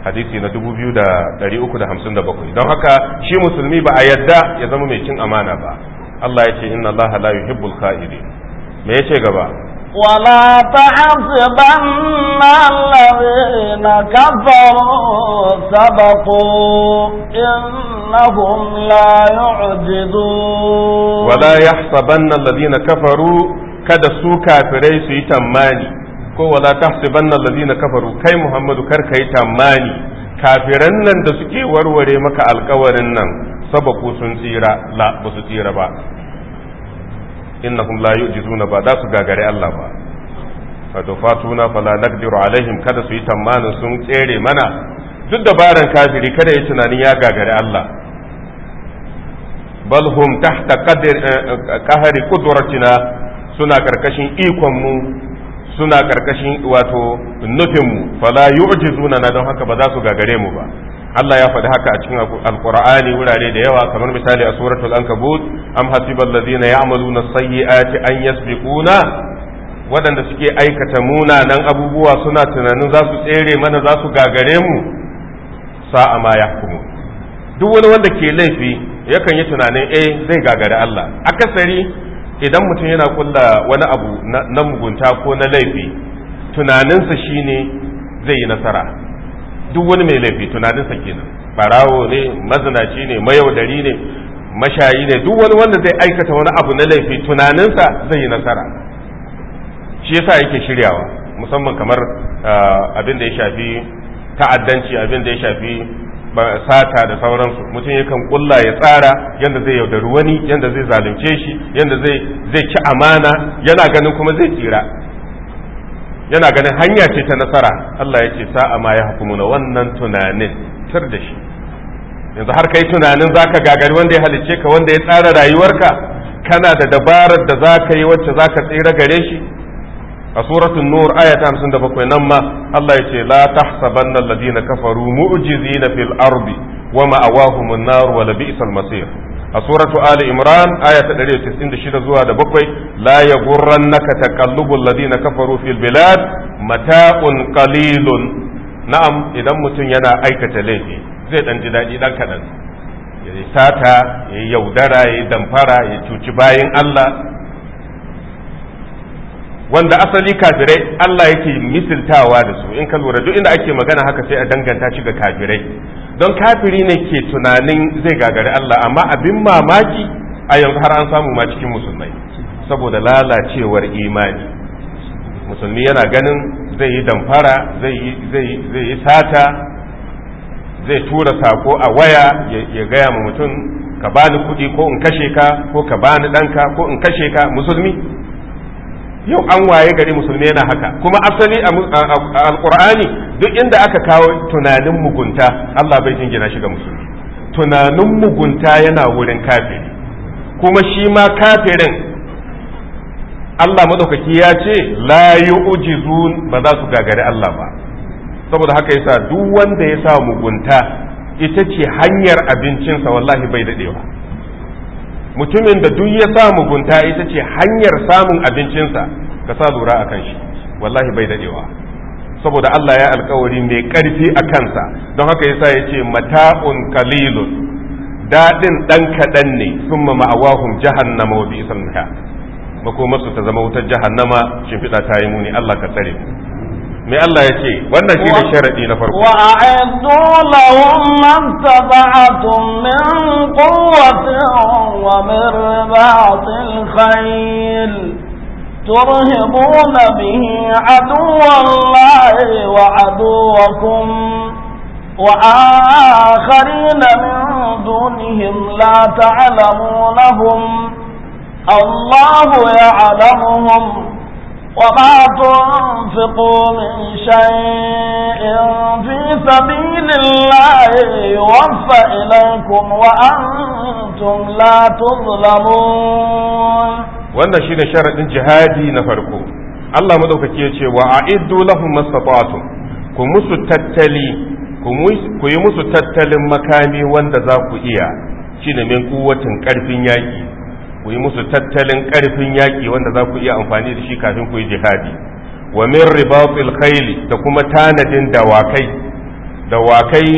hadisi na 2357 don haka shi musulmi ba a yadda ya zama mai cin amana ba Allah ya ce inna Allah la yuhibbul kha'iri me yace gaba ولا تحسبن الذين كفروا سبقوا إنهم لا يعجزون ولا يحسبن الذين كفروا kada su kafirai su yi tamani ko wala tahsibanna allazina kafaru kai muhammadu kar kai tamani kafiran nan da suke warware maka alkawarin nan sabaku sun tsira la ba su tsira ba innahum la yu'jizuna ba da su gagare Allah ba fa fatuna fala naqdiru alaihim kada su yi tamanin sun tsere mana duk dabaran kafiri kada ya tunanin ya gagare Allah bal hum tahta qadr eh, qahri qudratina suna karkashin ikonmu suna karkashin wato nufinmu fala yu'jizuna na don haka ba za su gagare mu ba Allah ya faɗi haka a cikin alqur'ani wurare da yawa kamar misali a suratul ankabut am hasibal ladzina ya'maluna sayyi'ati an yasbiquna waɗanda suke aikata munanan abubuwa suna tunanin za su tsere mana za su gagare mu sa'a ma ya kuma. duk wani wanda ke laifi yakan yi tunanin eh zai gagare Allah akasari idan mutum yana kulla wani abu na mugunta ko na laifi tunaninsa shine zai yi nasara duk wani mai laifi tunaninsa kenan barawo ne mazinaci ne mayaudari ne mashayi ne duk wani wanda zai aikata wani abu na laifi tunaninsa zai yi nasara shi yasa yake shiryawa musamman kamar ah, abin da ya shafi ta'addanci abin da ya shafi ba sata da sauransu mutum yakan kulla ya tsara yadda zai yaudari wani yadda zai zalunce shi yadda zai ci amana yana ganin kuma zai tsira yana ganin hanya ce ta nasara Allah ya ce sa'a ma ya na wannan tunanin tar da shi yanzu har kai tunanin zaka gagari wanda ya halicce ka wanda ya tsara rayuwarka kana da dabarar da zaka yi wacce zaka tsira gare shi a suratul nur aya ta 57 nan ma Allah ya ce la tahsabanna alladhina kafaru mu'jizina fil ardi wa ma'awahum an-nar wa labisal masir a suratu ali imran aya ta 196 zuwa da bakwai la yaghurrannaka taqallubul ladina kafaru fil bilad mata'un qalilun na'am idan mutum yana aikata laifi zai dan ji dadi dan kadan ya sata ya yaudara ya damfara ya cuci bayin Allah wanda asali kafirai Allah yake misiltawa da su in ka lura duk inda ake magana haka sai a danganta shi ga kafirai don kafiri ne ke tunanin zai gagari Allah amma abin mamaki a yanzu har an samu ma cikin musulmai saboda lalacewar imani musulmi yana ganin zai yi damfara zai yi sata zai tura sako a waya ya gaya ma mutum ka bani kuɗi ko in kashe ka ko ka bani ɗanka ko in kashe ka musulmi yau an waye gari musulmi yana haka kuma asali a alkur'ani duk inda aka kawo tunanin mugunta Allah bai jingina shi ga musulmi tunanin mugunta yana wurin kafiri kuma shi ma kafirin Allah madaukaki ya ce la yu'jizun ba za su gagari Allah ba saboda haka yasa duk wanda ya sa mugunta ita ce hanyar abincinsa wallahi bai dadewa mutumin da duk ya sa mugunta ita ce hanyar samun abincinsa ka sa lura a kan shi wallahi bai dadewa saboda Allah ya alkawari mai karfi a kansa don haka yasa ya ce mata'un kalilun daɗin ɗan kaɗan ne sun ma ma'awahun jahannama wa isan ha makomarsu ta zama wutar jahannama shimfiɗa ta yi muni Allah ka tsare mu me Allah ya ce wannan shi ne sharadi na farko wa a'addu lahum man taba'atum min quwwatin wa min ribatil khayl ترهبون به عدو الله وعدوكم وآخرين من دونهم لا تعلمونهم الله يعلمهم وما تنفقوا من شيء في سبيل الله يوفى إليكم وأنتم لا تظلمون وانا شين شرط جهادي نفركو الله مدوكي يتي وأعدوا لهم ما استطعتم كمسو تتلي كمسو تتلي مكاني وانا ذاكو إياه شين من قوة كارفين ياكي ku yi musu tattalin ƙarfin yaƙi wanda za ku iya amfani da shi kafin ku yi jihadi wa min ribatil khayli da kuma tanadin dawakai dawakai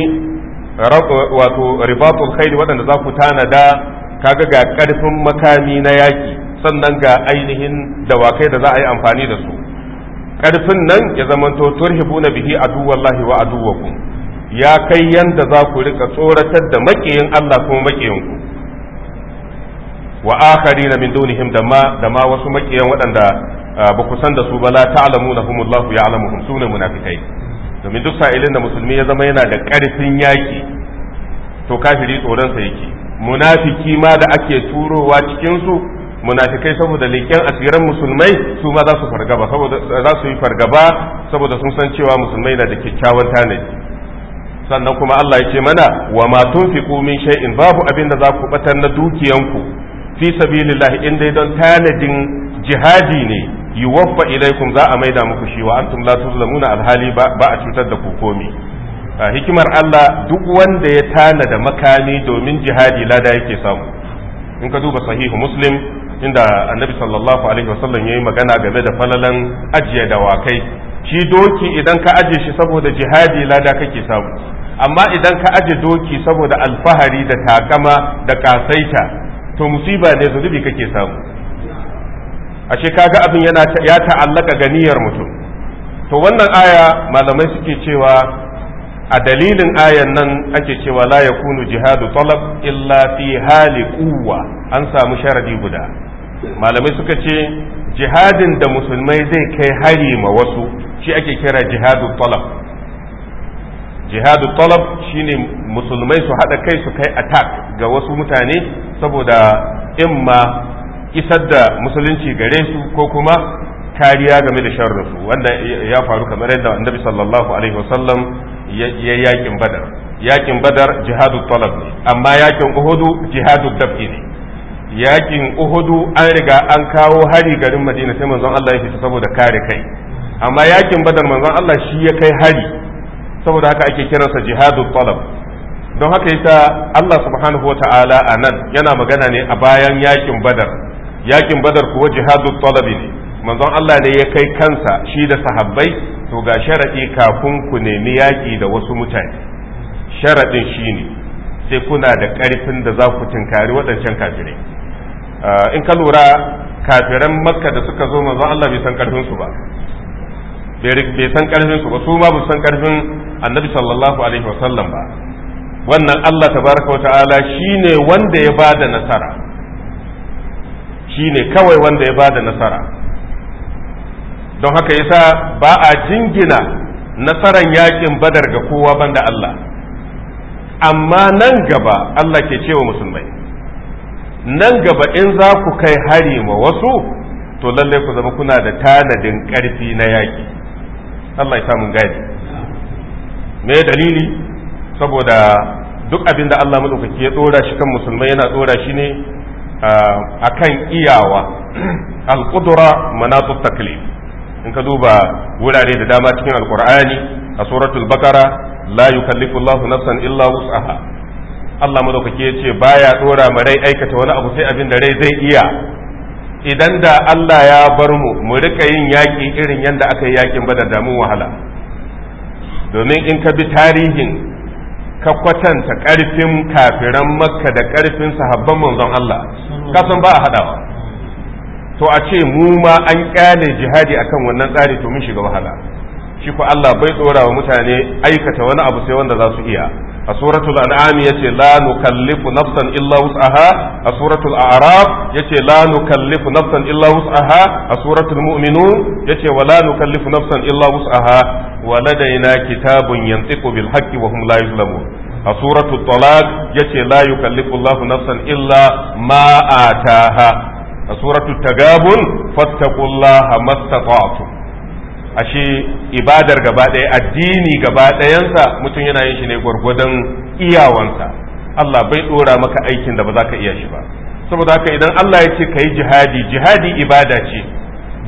wato ribatul khayli waɗanda za ku tanada kaga ga ƙarfin makami na yaƙi sannan ga ainihin dawakai da za a yi amfani da su ƙarfin nan ya zamanto turhibuna bihi aduwallahi wa aduwakum ya kai yanda za ku riƙa tsoratar da maƙiyin Allah kuma maƙiyin ku wa akharina min dunihim da ma da ma wasu makiyan waɗanda ah, ba ku san da su ba la ta'lamunahum Allahu ya'lamuhum sunan munafikai domin duk sa'ilin da musulmi ya zama yana da ƙarfin yaki to kafiri tsoron sa yake munafiki ma da ake turowa cikin su munafikai saboda leƙen asiran musulmai su ma za su fargaba saboda za su yi fargaba saboda sun san cewa musulmai na da kyakkyawan tanadi sannan kuma Allah ya ce mana wa ma tunfiqu min shay'in babu abin da za ku batar na dukiyanku fi sabilillah in dai don tanadin jihadi ne yuwaffa ilaikum za a maida muku shi wa antum la tuzlamuna alhali ba a cutar da ku komi hikimar Allah duk wanda ya tanada makami domin jihadi lada yake samu in ka duba sahihu muslim inda annabi sallallahu alaihi wasallam yayi magana game da falalan ajiye dawakai shi doki idan ka aje shi saboda jihadi lada kake samu amma idan ka aje doki saboda alfahari da takama da kasaita to musiba ne zunubi kake samu ashe kaga abin yana ya ta'allaka ganiyar mutum to wannan aya malamai suke cewa a dalilin ayan nan ake cewa la yakunu jihadu talab illa fi hali quwwa an samu sharadi guda malamai suka ce jihadin da musulmai zai kai hari ma wasu shi ake kira jihadu talab jihadu talab shine musulmai su haɗa kai su kai attack ga wasu mutane saboda in ma isar da musulunci gare su ko kuma kariya game da sharrafu wanda ya faru kamar yadda annabi sallallahu alaihi wasallam ya yakin badar yakin badar jihadu talab ne amma yakin uhudu jihadu dab'i ne yakin uhudu an riga an kawo hari garin madina sai manzon Allah ya fita saboda kare kai amma yakin badar manzon Allah shi ya kai hari saboda haka ake kiransa jihadu talab don haka sa Allah subhanahu wa ta'ala a nan yana magana ne a bayan yakin badar yakin badar kuwa jihadu talabi ne manzon Allah ne ya kai kansa shi da sahabbai to ga sharaɗi kafin ku nemi yaƙi da wasu mutane sharaɗin shi ne sai kuna da ƙarfin da za ku tinkari waɗancan kafirai uh, in ka lura kafiran makka da suka zo manzon Allah bai san ƙarfinsu ba bai san ƙarfinsu ba su ma ba san ƙarfin annabi sallallahu alaihi sallam ba wannan Allah tabaraka wa ta'ala shine wanda ya ba da nasara shine kawai wanda ya ba da nasara don haka yasa ba a jingina nasaran yakin badar ga kowa banda Allah amma nan gaba Allah ke cewa musulmai nan gaba in za ku kai hari ma wasu to lallai ku zama kuna da tanadin ƙarfi na yaki Allah ya samu gadi me dalili saboda duk abin da Allah madaukaki ya ɗora shi kan musulmai yana ɗora shi ne kan iyawa alƙudura mana in ka duba wurare da dama cikin al'ƙur'ani a suratul bakara la yukallifu Allahu nafsan illa wus'aha Allah madaukaki ya ce baya dora mu rai aikata wani abu sai abin da rai zai iya idan da Allah ya bar mu mu rika yin yaƙi irin yadda aka yi yaƙin da damun wahala domin in ka bi tarihin ka kwatanta ƙarfin kafiran makka da ƙarfin sahabban manzon Allah kasan ba a haɗawa to a ce mu ma an ƙyale jihadi akan wannan tsari to mun shiga wahala shi ko Allah bai ɗora wa mutane aikata wani abu sai wanda za su iya a suratul an'am yace la nukallifu nafsan illa wus'aha a suratul a'raf yace la nukallifu nafsan illa wus'aha a suratul mu'minun yace wa la nukallifu nafsan illa wus'aha wa ladaina kitabun yantiqu bil haqqi wa hum la yuzlamun a suratul talaq yace la yukallifu Allahu nafsan illa ma ataha a suratul tagabun fattaqullaha mastata'tum ashe ibadar gaba ɗaya addini gaba ɗayansa mutum yana yin shi ne gwargwadon iyawansa Allah bai ɗora maka aikin da ba za ka iya shi ba saboda haka idan Allah ya ce ka yi jihadi jihadi ibada ce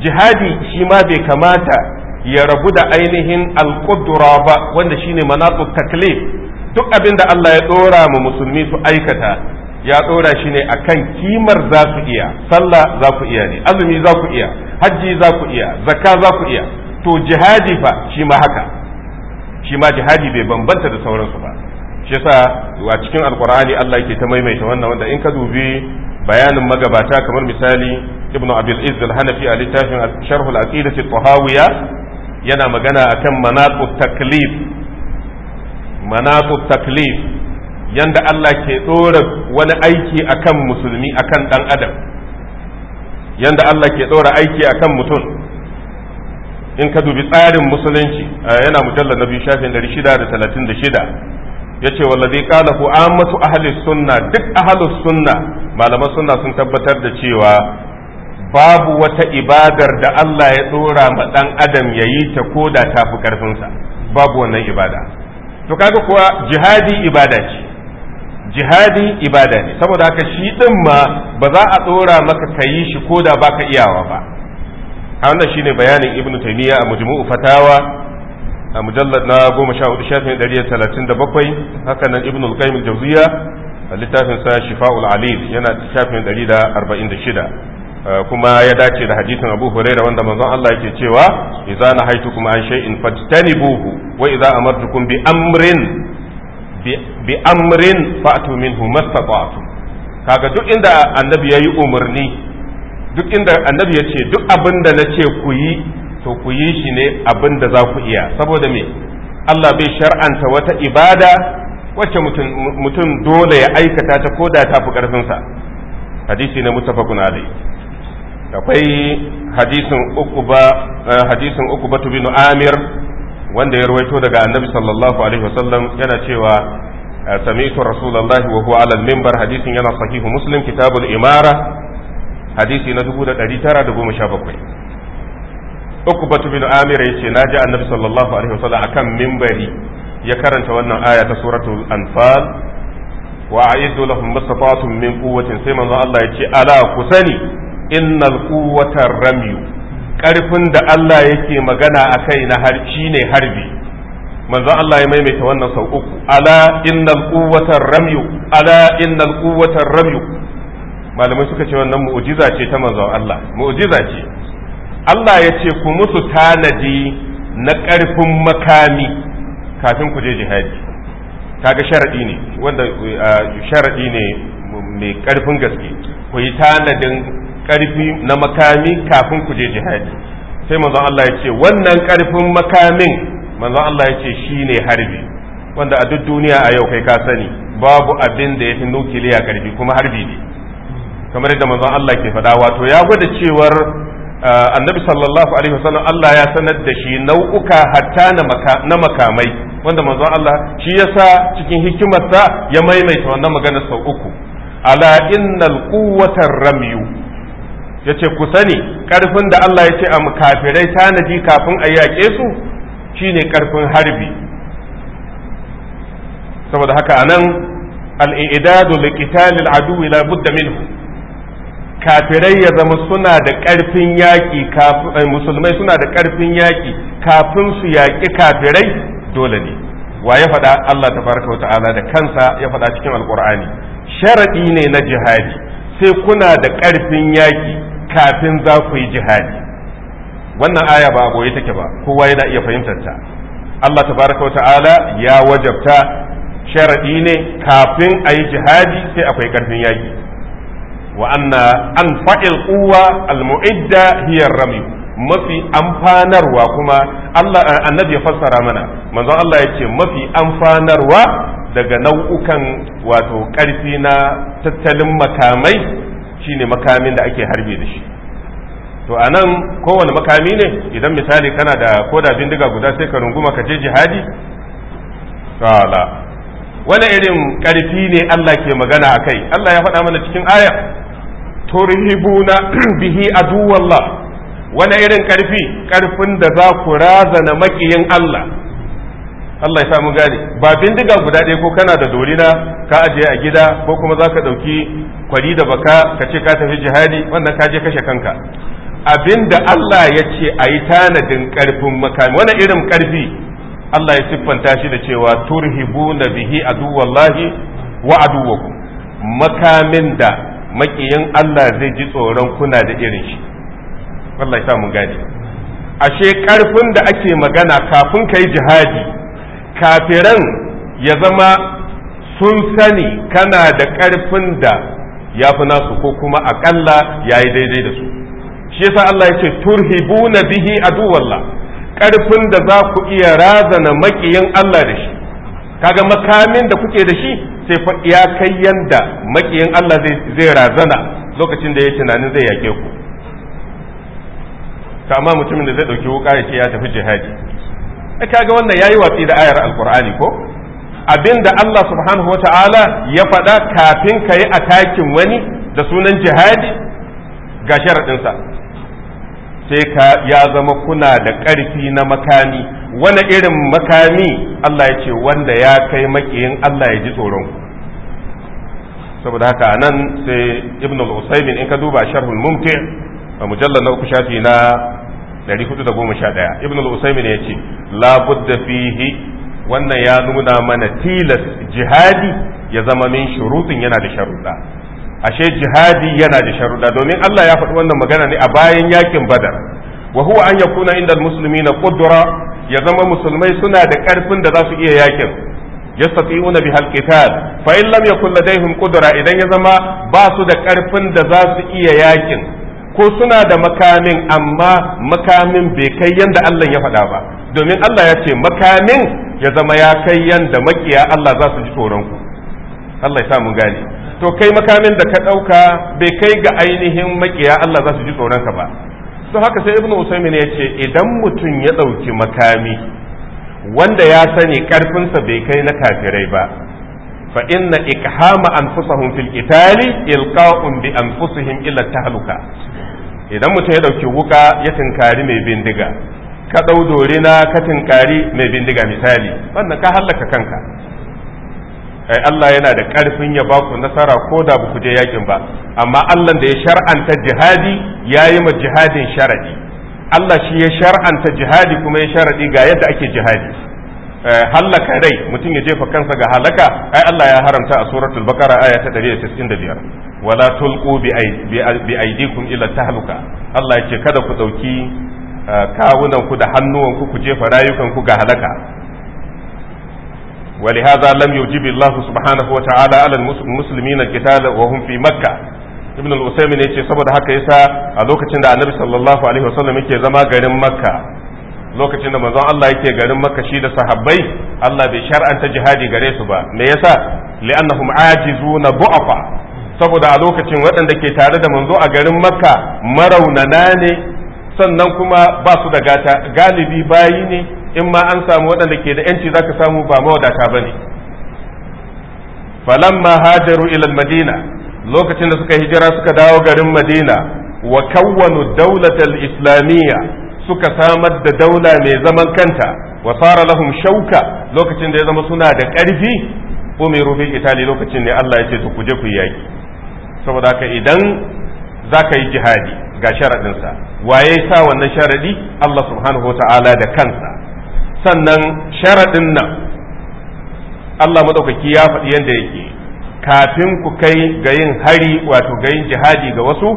jihadi shi ma bai kamata ya rabu da ainihin alƙudura ba wanda shine ne taklif duk abin da Allah ya ɗora ma musulmi su aikata ya ɗora shi ne a kan kimar za ku iya sallah za ku iya ne azumi za ku iya hajji za ku iya zakka za ku iya to jihadi fa shi ma haka shi ma jihadi bai bambanta da sauransu ba shi yasa a cikin alkur'ani Allah yake ta maimaita wannan wanda in ka dubi bayanin magabata kamar misali ibnu abil izz al-hanafi a littafin sharh al-aqidati tahawiya yana magana akan manaqu taklif manaqu taklif yanda Allah ke dora wani aiki akan musulmi akan dan adam yanda Allah ke dora aiki akan mutum in ka dubi tsarin musulunci yana mujallar na biyu shafin ɗari shida da talatin da shida ya ce wallazi kala ku masu ahli sunna duk ahli sunna malaman sunna sun tabbatar da cewa babu wata ibadar da Allah ya ɗora ma ɗan adam ya yi ta ko da ta fi karfinsa babu wannan ibada to kaga kuwa jihadi ibada ce jihadi ibada ne saboda haka shi din ma ba za a dora maka ka yi shi ko da baka iyawa ba wannan shine bayanin ibnu taymiya a majmu'u fatawa a mujallad na goma sha hudu shafin ɗari talatin da bakwai haka nan ibnu al-qayyim al-jawziya a littafin sa shifa'ul alil yana shafin ɗari da arba'in da shida kuma ya dace da hadisin abu huraira wanda manzon Allah yake cewa idza nahaytukum an shay'in fajtanibuhu wa idza amartukum bi amrin bi amrin fa'tu minhu mastata'tum kaga duk inda annabi yayi umarni duk inda annabi ya ce duk abin da na ce ku yi to ku yi shi ne abin da za ku iya saboda me Allah bai shar'anta wata ibada wacce mutum dole ya aikata ta koda ta fi ƙarfinsa hadisi na mutafakun alai akwai hadisin uku eh, hadisin bin amir wanda ya rawaito daga annabi sallallahu alaihi wasallam yana cewa سميت رسول الله وهو على المنبر حديث hadisin yana sahihu muslim kitabul imara hadisi na 1917 ukubatu bin amir yace naji annabi sallallahu alaihi wasallam akan mimbari ya karanta wannan aya ta suratul anfal wa a'iddu lahum mastata'tum min quwwatin sai manzo Allah yace ala kusani innal quwwata ramyu karfin da Allah yake magana akai na har shine harbi manzo Allah ya maimaita wannan sau uku ala innal quwwata ramyu ala innal quwwata ramyu malamai suka ce wannan mu'jiza ce ta manzon Allah mu'jiza ce Allah ya ce ku musu tanadi na ƙarfin makami kafin ku je jihadi kaga sharadi ne wanda sharadi ne mai ƙarfin gaske ku yi tanadin ƙarfi na makami kafin ku je jihadi sai manzon Allah ya ce wannan ƙarfin makamin manzon Allah ya ce shine harbi wanda a duk duniya a yau kai ka sani babu abin da ya fi nukiliya ƙarfi kuma harbi ne kamar yadda manzon Allah ke faɗa wato ya gwada cewar annabi sallallahu alaihi wasallam Allah ya sanar da shi nau'uka hatta na makamai wanda manzon Allah shi yasa cikin hikimarsa ya maimaita wannan magana sau uku ala innal quwwata ramyu yace ku sani karfin da Allah yace a kafirai tanadi kafin a yaƙe su shine karfin harbi saboda haka anan al-i'dadu liqitalil adu la budda minhu kafirai ya zama suna da ƙarfin yaƙi eh, musulmai suna da ƙarfin yaƙi kafin su yaƙi kafirai dole ne wa ya faɗa Allah tabaraka wa ta'ala da kansa ya faɗa cikin alƙur'ani sharaɗi ne na jihadi sai kuna da ƙarfin yaƙi kafin za ku yi jihadi wannan aya ba a goye take ba kowa yana iya fahimtar ta Allah tabaraka wa ta'ala ya wajabta sharaɗi ne kafin a yi jihadi sai akwai ƙarfin yaƙi wa anna anfa'il Al-Mu'idda hiya rami mafi amfanarwa kuma Allah annabi ya fassara mana manzon Allah yace mafi amfanarwa daga nau'ukan wato karfi na tattalin makamai shine makamin da ake harbe da shi to a nan kowane makami ne idan misali kana da koda bindiga guda sai ka runguma ka je jihadi Wala irin ƙarfi ne Allah ke magana a kai Allah ya faɗa mana cikin aya turhibuna bihi aduwallah wani irin karfi karfin da za ku razana makiyin Allah Allah ya samu gane ba bindiga guda ɗaya ko kana da dorina ka ajiye a gida ko kuma za ka ɗauki kwari da baka ka ce ka tafi jihadi wannan ka je kashe kanka abin da Allah ya ce a yi tanadin ƙarfin makami wani irin ƙarfi Allah ya siffanta shi da cewa turhibu na bihi aduwallahi wa aduwakum makamin da makiyin Allah zai ji tsoron kuna da irin shi Allah ya mu gani ashe karfin da ake magana kafin ka yi jihadi kafiran ya zama sun sani kana da karfin da ya fi nasu ko kuma akalla ya yi daidai da su shi yasa Allah ya ce turhibuna bihi aduwallah karfin da za ku iya razana makiyin Allah da shi kaga makamin da kuke da shi sai fa ya kai yanda makiyin Allah zai razana lokacin da ya tunanin zai yake ku kama mutumin da zai ɗauki wuka ya ce ya tafi jihadi ai kaga wannan yayi watsi da ayar alqur'ani ko abinda Allah subhanahu wata'ala ya faɗa kafin ka yi atakin wani da sunan jihadi ga sharaɗinsa sai ka ya zama kuna da ƙarfi na makami wani irin makami Allah ya ce wanda ya kai makiyin Allah ya ji tsoron saboda haka nan sai ibn al in ka duba sharhul mumti a mujallar na uku shafi na 411 ibn al-usaymin ya ce la budda fihi wannan ya nuna mana tilas jihadi ya zama min shurutin yana da sharuda ashe jihadi yana da sharuɗa domin Allah ya faɗi wannan magana ne a bayan yakin badar wa huwa an yakuna inda almuslimina qudra ya zama musulmai suna da karfin da za su iya yakin yastati'una bihal qital fa in lam yakul ladaihim qudra idan ya zama ba su da karfin da za su iya yakin ko suna da makamin amma makamin bai kai yanda Allah ya faɗa ba domin Allah ya ce makamin ya zama ya kai yanda makiya Allah za su ji tsoron ku Allah ya sa mun gane to kai makamin da ka ɗauka bai kai ga ainihin makiya Allah za su ji tsoron ka ba don haka sai ibnu usaimin ya ce idan mutum ya ɗauki makami wanda ya sani ƙarfinsa bai kai na kafirai ba fa inna ikhama anfusahum fil qitali ilqa'un bi anfusihim ila tahluka idan mutum ya ɗauki wuka ya tinkari mai bindiga ka ɗau dorina ka tinkari mai bindiga misali wannan ka hallaka kanka ai Allah yana da ƙarfin ya ba ku nasara ko da ba ku je yakin ba amma Allah da ya shar'anta jihadi ya yi ma jihadin sharadi Allah shi ya shar'anta jihadi kuma ya sharadi ga yadda ake jihadi hallaka rai mutum ya jefa kansa ga halaka ai Allah ya haramta a suratul baqara aya ta 195 wala tulqu bi aydikum ila tahluka Allah yake kada ku dauki ah, kawunan ku da hannuwanku ku jefa rayukan ku ga halaka ولهذا لم يجب الله سبحانه وتعالى على المسلمين القتال وهم في مكة ابن الأسيمين يتي saboda haka yasa a lokacin da annabi sallallahu alaihi wasallam yake zama garin makka lokacin da manzon Allah yake garin makka shi da sahabbai Allah bai shar'anta jihadi gare ba me yasa li'annahum ajizuna bu'afa saboda a lokacin waɗanda ke tare da manzo a garin makka maraunana ne sannan kuma ba su da gata galibi bayi ne in ma an samu waɗanda ke da yanci ka samu ba mawadata ba bane falamma hajaru ilal madina lokacin da suka hijira suka dawo garin madina wa kawwanu daulatal islamiyya suka samar da daula mai zaman kanta wa fara lahum shauka lokacin da ya zama suna da ƙarfi umiru bil itali lokacin ne Allah ya ce to kuje ku yaki saboda haka idan za ka yi jihadi ga sharaɗinsa waye sa wannan sharaɗi Allah subhanahu wa ta'ala da kansa sannan sharaɗin nan Allah maɗaukaki ya faɗi yadda yake kafin ku kai ga yin hari wato ga yin jihadi ga wasu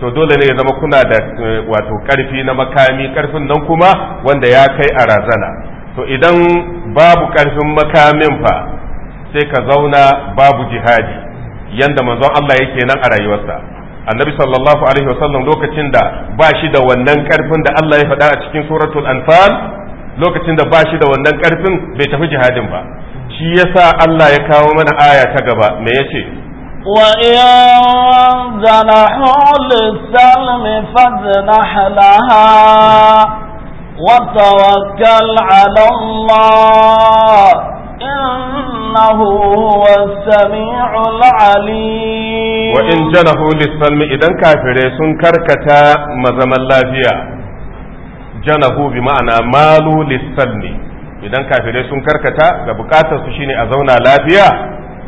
to dole ne ya zama kuna da eh, wato ƙarfi na makami ƙarfin nan kuma wanda ya kai a razana to idan babu ƙarfin makamin fa sai ka zauna babu jihadi yanda manzon Allah yake nan a rayuwarsa annabi sallallahu alaihi wasallam lokacin da ba shi da wannan karfin da Allah ya faɗa a cikin suratul anfal lokacin da ba shi da wannan karfin bai tafi jihadin ba shi yasa Allah ya kawo mana aya ta gaba me yace وإن جنحوا للسلم فاجنح لها وتوكل على الله In nuhu wa Saminu la'alin. Wa in janahun lissal ni idan kafire sun karkata ma zaman lafiya, ma'ana malun lissal Idan kafire sun karkata, ga bukatar su shine a zauna lafiya,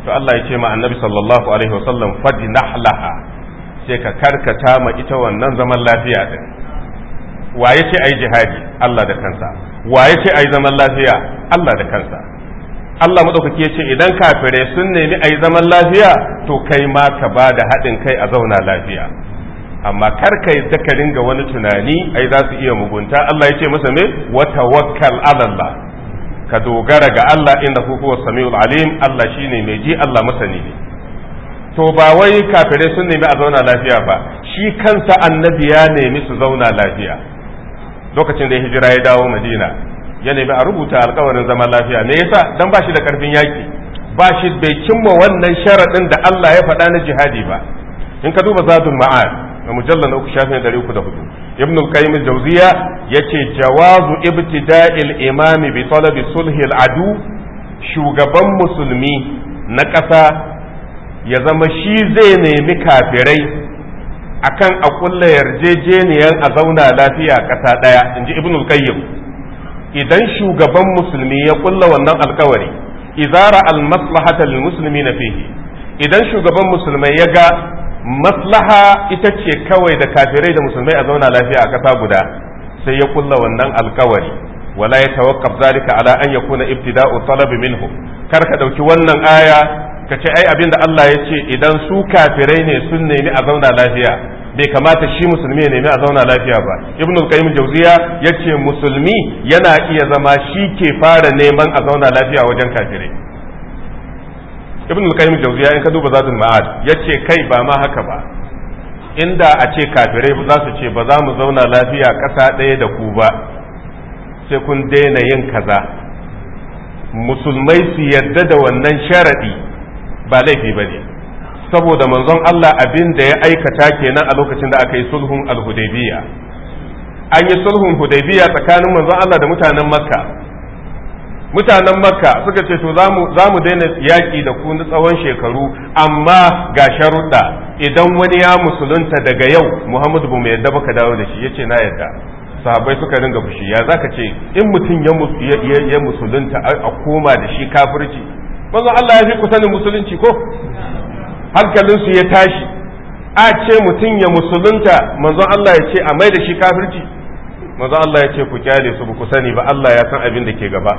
to Allah yace ma'an na bi Sallallahu alaihi wa Sallam, faɗi sai ka karkata ma ita wannan zaman lafiya da ni. Wa ya ce ayi jihadi? Allah da kansa. Wa ce ayi zaman lafiya? Allah da kansa. Allah madaukaki ya ce idan kafire sun nemi a yi zaman lafiya to kai ma ka ba da haɗin kai a zauna lafiya amma kar ka yi ka ringa wani tunani ai za su iya mugunta Allah ya ce masa me wa tawakkal ala ka dogara ga Allah inda huwa samiul alim Allah shine mai ji Allah masani ne to ba wai kafire sun nemi a zauna lafiya ba shi kansa annabi ya nemi su zauna lafiya lokacin da ya hijira ya dawo madina ya nemi a rubuta alkawarin zaman lafiya me yasa dan ba shi da karfin yaki ba shi bai cimma wannan sharadin da Allah ya faɗa na jihadi ba in ka duba zadul ma'ad na mujallal na uku shafin dari uku da hudu ibn al-qayyim al-jawziya yace jawazu ibtida'il imami bi talabi sulhil adu shugaban musulmi na ƙasa ya zama shi zai nemi kafirai akan a kulla yarjejeniyar a zauna lafiya ƙasa ɗaya in ji ibn al-qayyim idan shugaban musulmi ya kulla wannan alkawari izara al musulmi na muslimina fihi idan shugaban musulmai ya ga maslaha ita ce kawai da kafirai da musulmai a zauna lafiya a kasa guda sai ya kulla wannan alkawari wala ya tawakkaf zalika ala an yakuna ibtida'u talab minhu kar ka dauki wannan aya ka ce ai abinda Allah ya ce idan su kafirai ne sun nemi a zauna lafiya bai kamata shi musulmi ya nemi a zauna lafiya ba ibnu qayyim jawziya yace musulmi yana iya zama shi ke fara neman a zauna lafiya wajen kafirai ibnu qayyim jawziya in ka duba zatul ma'ad yace kai ba ma haka ba inda a ce kafirai za su ce ba za mu zauna lafiya ƙasa ɗaya da ku ba sai kun daina yin kaza musulmai su yarda da wannan sharaɗi ba laifi ba ne saboda manzon Allah abin da ya aikata kenan a lokacin da aka yi sulhun al-hudaybiya an yi sulhun hudabiya tsakanin manzon Allah da mutanen makka mutanen makka suka ce to zamu mu daina yaki da ku na tsawon shekaru amma ga sharuɗa idan wani ya musulunta daga yau muhammadu ba yarda yadda baka dawo da shi yace na yadda sahabbai suka ringa fushi ya zaka ce in mutum ya musulunta a koma da shi kafirci manzo Allah ya fi kusa musulunci ko hankalinsu ya tashi a ce mutum ya musulunta manzon Allah ya ce a mai da shi kafirci manzon Allah ya ce ku kyale su ba ku sani ba Allah ya san abin da ke gaba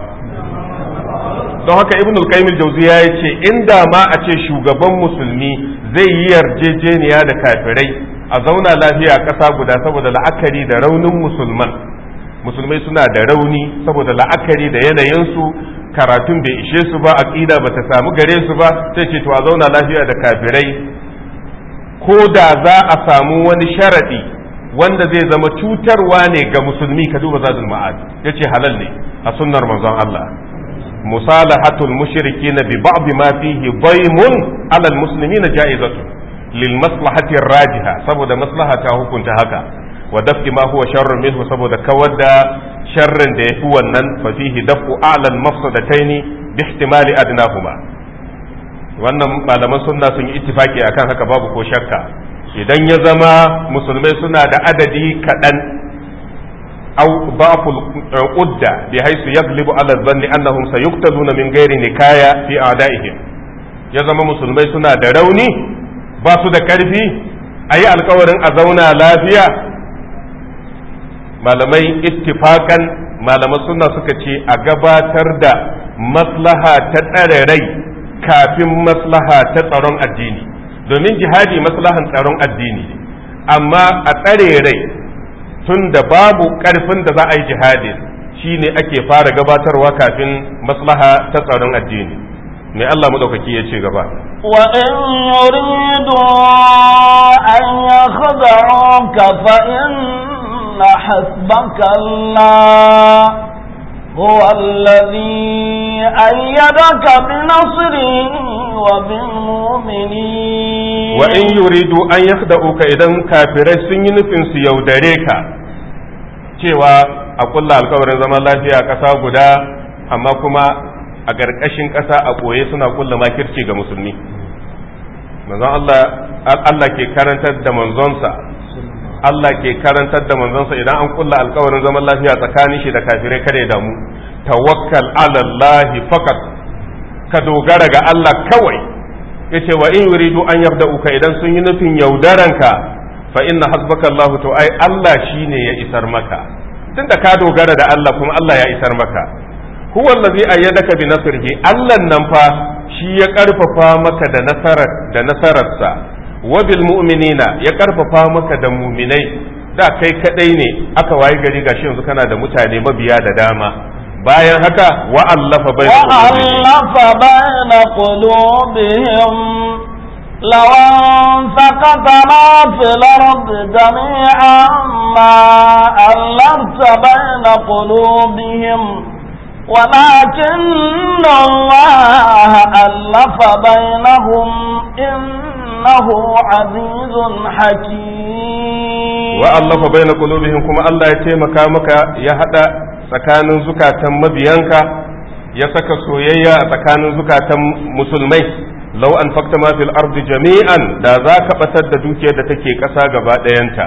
don haka ibn al-qayyim al-jawziya ya ce inda ma a ce shugaban musulmi zai yi yarjejeniya da kafirai a zauna lafiya ƙasa guda saboda la'akari da raunin musulman musulmai suna da rauni saboda la'akari da yanayinsu karatun bai ishe su ba aqida bata samu gare su ba sai ce to a zauna lafiya da kafirai ko da za a samu wani sharaɗi wanda zai zama cutarwa ne ga musulmi ka duba zazul ma'ad yace halal ne a sunnar manzon Allah musalahatul mushrikin bi ba'd ma fihi baymun ala muslimin jaizatu lil maslahati rajiha saboda maslaha ta hukunta haka wa dafki ma huwa sharrun minhu saboda kawar da sharrin da yafi wannan fa fihi dafku a'lan mafsadataini bi ihtimali adnahuma wannan malaman sunna sun yi ittifaki akan haka babu ko shakka idan ya zama musulmai suna da adadi kaɗan aw ba'ful udda bi haythu yaglibu ala dhanni annahum sayuqtaduna min ghairi nikaya fi a'daihim ya zama musulmai suna da rauni ba su da karfi a yi alkawarin a zauna lafiya malamai ittifakan malaman suna suka ce a gabatar da maslaha ta tsare kafin maslaha ta tsaron addini domin jihadi maslahan tsaron addini amma a tsare rai tun da babu karfin da za a yi jihadi shine ake fara gabatarwa kafin maslaha ta tsaron addini mai Allah madaukaki ya ce gaba وإن يريدوا أن يخدعوك فإن إن حسبك الله هو الذي أيدك بنصره وبالمؤمنين وإن يريدوا أن يخدعوك إذا كافرين سنين في سيودريك cewa a kulla alkawarin zaman lafiya ƙasa guda amma kuma a ƙarƙashin ƙasa a ɓoye suna kulla kirci ga musulmi manzon Allah ke karantar da manzonsa Allah ke karantar da manzansa idan an kulla alkawarin zaman lafiya tsakanin shi da kafirai kada ya damu tawakkal ala Allah ka dogara ga Allah kawai yace wa in yuridu an yabda'uka idan sun yi nufin yaudaranka fa inna hasbaka Allah to ai Allah shine ya isar maka tunda ka dogara da Allah kuma Allah ya isar maka huwa allazi ayyadaka bi nasrihi Allah nan fa shi ya karfafa maka da nasarar da nasararsa wabil mu'minina ya karfafa maka da muminai da kai kadai ne aka wayi gari gashi yanzu kana da mutane mabiya da dama bayan haka wa allafa bayna qulubihim لو انفقت ما في الأرض جميعا ما ألفت بين قلوبهم ولكن الله ألف بينهم إنه عزيز حكيم وألف بين قلوبهم كما الله يتيم كامك يهدى سكان زكاة مبيانك يسك سويا سكان زكاة مسلمي لو أنفقت ما في الأرض جميعا دا ذاك بسد دوكيا دا تكي كسا غبا دينتا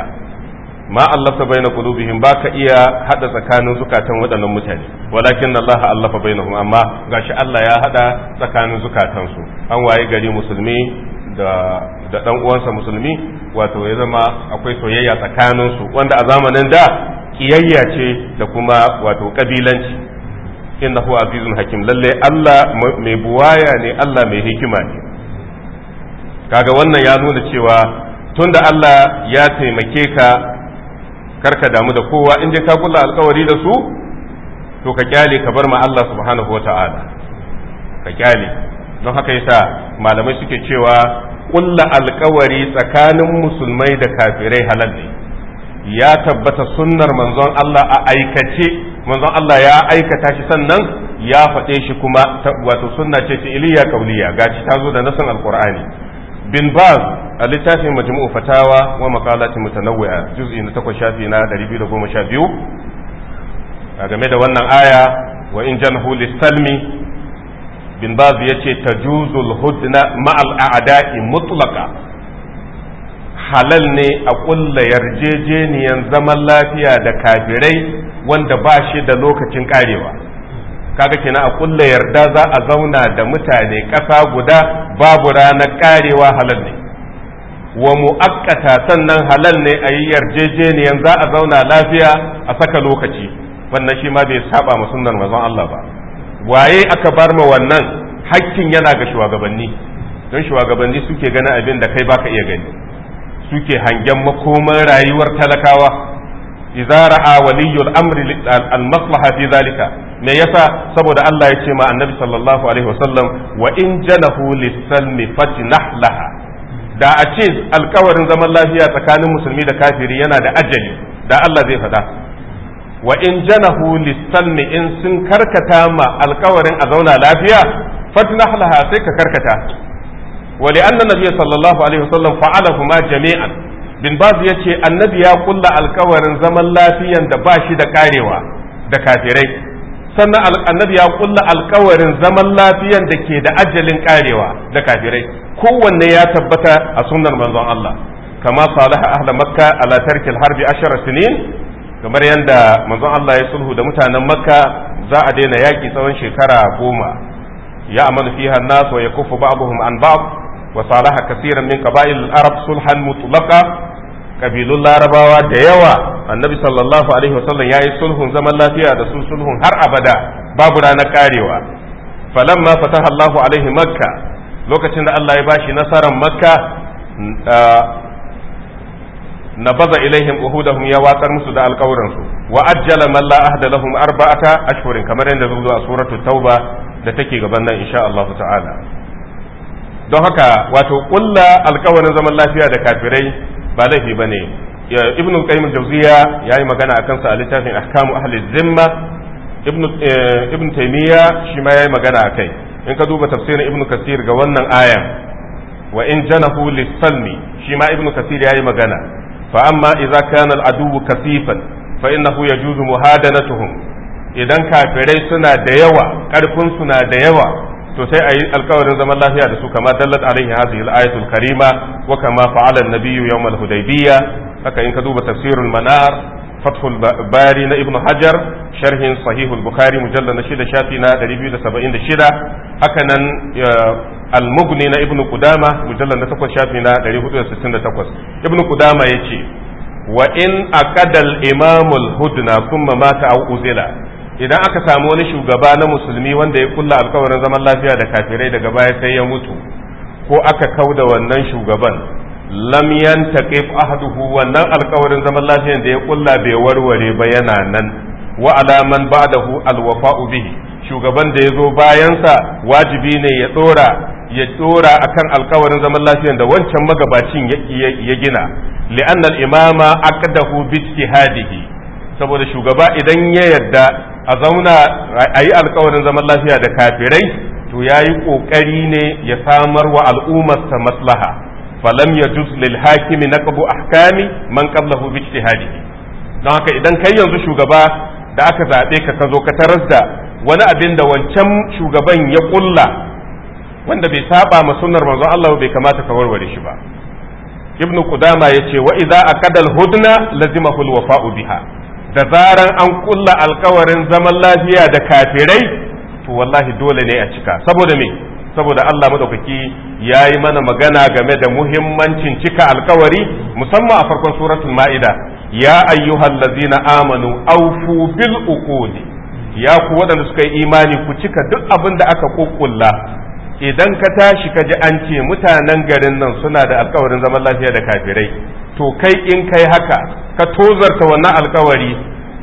ما ألفت بين قلوبهم باك إيا حدا سكان زكاة ودن متن ولكن الله ألف بينهم أما غاش الله يا هذا سكان زكاة أن واي غري مسلمي da ɗan uwansa musulmi wato ya zama akwai soyayya tsakanin su wanda a zamanin da kiyayya ce da kuma wato kabilanci. inna huwa azizun hakim lalle Allah mai buwaya ne Allah mai hikima ne kaga wannan ya nuna cewa tunda Allah ya taimake ka karka damu da kowa in dai ka kula alkawari da su to ka kyale ka bar ma Allah subhanahu wata'ala ka kyale don haka yasa malamai suke cewa kulla alkawari tsakanin musulmai da kafirai halal ne ya tabbata sunnar manzon Allah a aikace manzon Allah ya aikata shi sannan ya faɗe shi kuma wato sunna ce ta iliya kauliya Gaci ta zo da nasan alkur'ani bin baz a littafin majmu'u fatawa wa maqalati mutanawwi'a juz'i na 8 shafi na 212 game da wannan aya wa in janhu lisalmi bin baz ya ce ta juzul hudna ma'al a'da'i mutlaka halal ne a ƙulla yarjejeniyan zaman lafiya da kafirai wanda ba shi da lokacin karewa kaga kenan a ƙulla yarda za a zauna da mutane ƙasa guda babu ranar karewa halal ne wa mu'akkata sannan halal ne a yi yarjejeniyan za a zauna lafiya a saka lokaci wannan shi ma bai saba ma sunnar manzon Allah ba waye aka bar ma wannan hakkin yana ga shugabanni don shugabanni suke ganin abin da kai baka iya gani suke hangen makoman rayuwar talakawa idza ra'a waliyul amri al maslaha fi zalika me yasa saboda Allah ya ce ma annabi sallallahu alaihi wasallam wa in janahu lis-salmi da a ce alkawarin zaman lafiya tsakanin musulmi da kafiri yana da ajali da Allah zai faɗa wa in janahu lissalmi in sun karkata ma alkawarin a zauna lafiya fatnah laha sai ka karkata wa li anna nabiyyi sallallahu alaihi wasallam fa'alahu ma jami'an bin baz yace annabi ya kulla alkawarin zaman lafiyan da ba shi da karewa da kafirai sannan annabi ya kulla alkawarin zaman lafiyan da ke da ajalin karewa da kafirai kowanne ya tabbata a sunnar manzon Allah kama salaha ahla makka ala tarkil harbi ashara sinin kamar yadda manzon Allah ya sulhu da mutanen makka za a daina yaƙi tsawon shekara goma ya amalu fiha nas wa yakufu ba'dhum an ba'd wa salaha kasiran min qaba'il arab sulhan mutlaqa kabilun larabawa da yawa annabi sallallahu alaihi wasallam yayi sulhun zaman lafiya da su sulhun har abada babu ranar karewa falamma fataha Allahu alaihi makka lokacin da Allah ya bashi nasarar makka na baza ilaihim uhudahum ya watsar musu da alƙawuran su wa ajjala man la ahda arba'ata ashhurin kamar yadda zai a suratu tauba da take gaban nan insha Allah ta'ala don haka wato kulla alƙawarin zaman lafiya da kafirai ba laifi bane ibn qayyim al-jawziya yayi magana akan sa a littafin ahkamu ahli zimma ibn eh, taymiya shi ma yayi magana akai in ka duba tafsirin ibn kasir ga wannan ayan wa in janahu lis-salmi shi ma ibn kasir yayi magana fa amma idza kana kasifan fa innahu yajuzu muhadanatuhum idan kafirai suna da yawa karfin suna da yawa to sai ayi alkawarin zaman lafiya da su kama dallat alaihi hadhihi al-ayatul karima wa kama fa'ala an-nabiyyu yawm al-hudaybiyya haka in ka duba tafsirul manar fathul na ibnu hajar sharhin sahihul bukhari mujallal na shida shafi na 276 haka nan Almugni na ibnu Kudama, mujallar na 8 shafi na 468 ibnu qudama yace wa in aqadal imamul hudna kuma mata idan aka samu wani shugaba na musulmi wanda ya kulla alkawarin zaman lafiya da kafirai daga baya sai ya mutu ko aka kauda wannan shugaban lam yantaqif ahaduhu wannan alkawarin zaman lafiyan da ya kulla bai warware ba yana nan wa ala man ba'dahu alwafa'u bihi shugaban da ya zo bayansa wajibi ne ya dora ya dora akan alkawarin zaman lafiyar da wancan magabacin ya gina li'annal al-imama aqdahu bi saboda shugaba idan ya yarda a zauna a yi alkawarin zaman lafiya da kafirai to ya yi ƙoƙari ne ya samar wa al'ummarsa maslaha falam ya juz lil hakimi na ahkami man qablahu bi don haka idan kai yanzu shugaba da aka zaɓe ka ka zo ka taras da wani abin da wancan shugaban ya ƙulla wanda bai saba ma sunnar manzon Allah bai kamata ka warware shi ba ibnu qudama yace wa idza aqada al-hudna lazima al-wafa'u biha da zaran an ƙulla alkawarin zaman lafiya da kafirai to wallahi dole ne a cika saboda me saboda Allah madaukaki yayi mana magana game da muhimmancin cika alkawari musamman a farkon suratul ma'ida ya ayyuhal na amanu awfu bil uqudi ya ku waɗanda suka yi imani ku cika duk abin da aka kukkulla idan ka tashi ka ji an ce mutanen garin nan suna da alkawarin zaman lafiya da kafirai to kai in kai haka ka tozarta wannan alkawari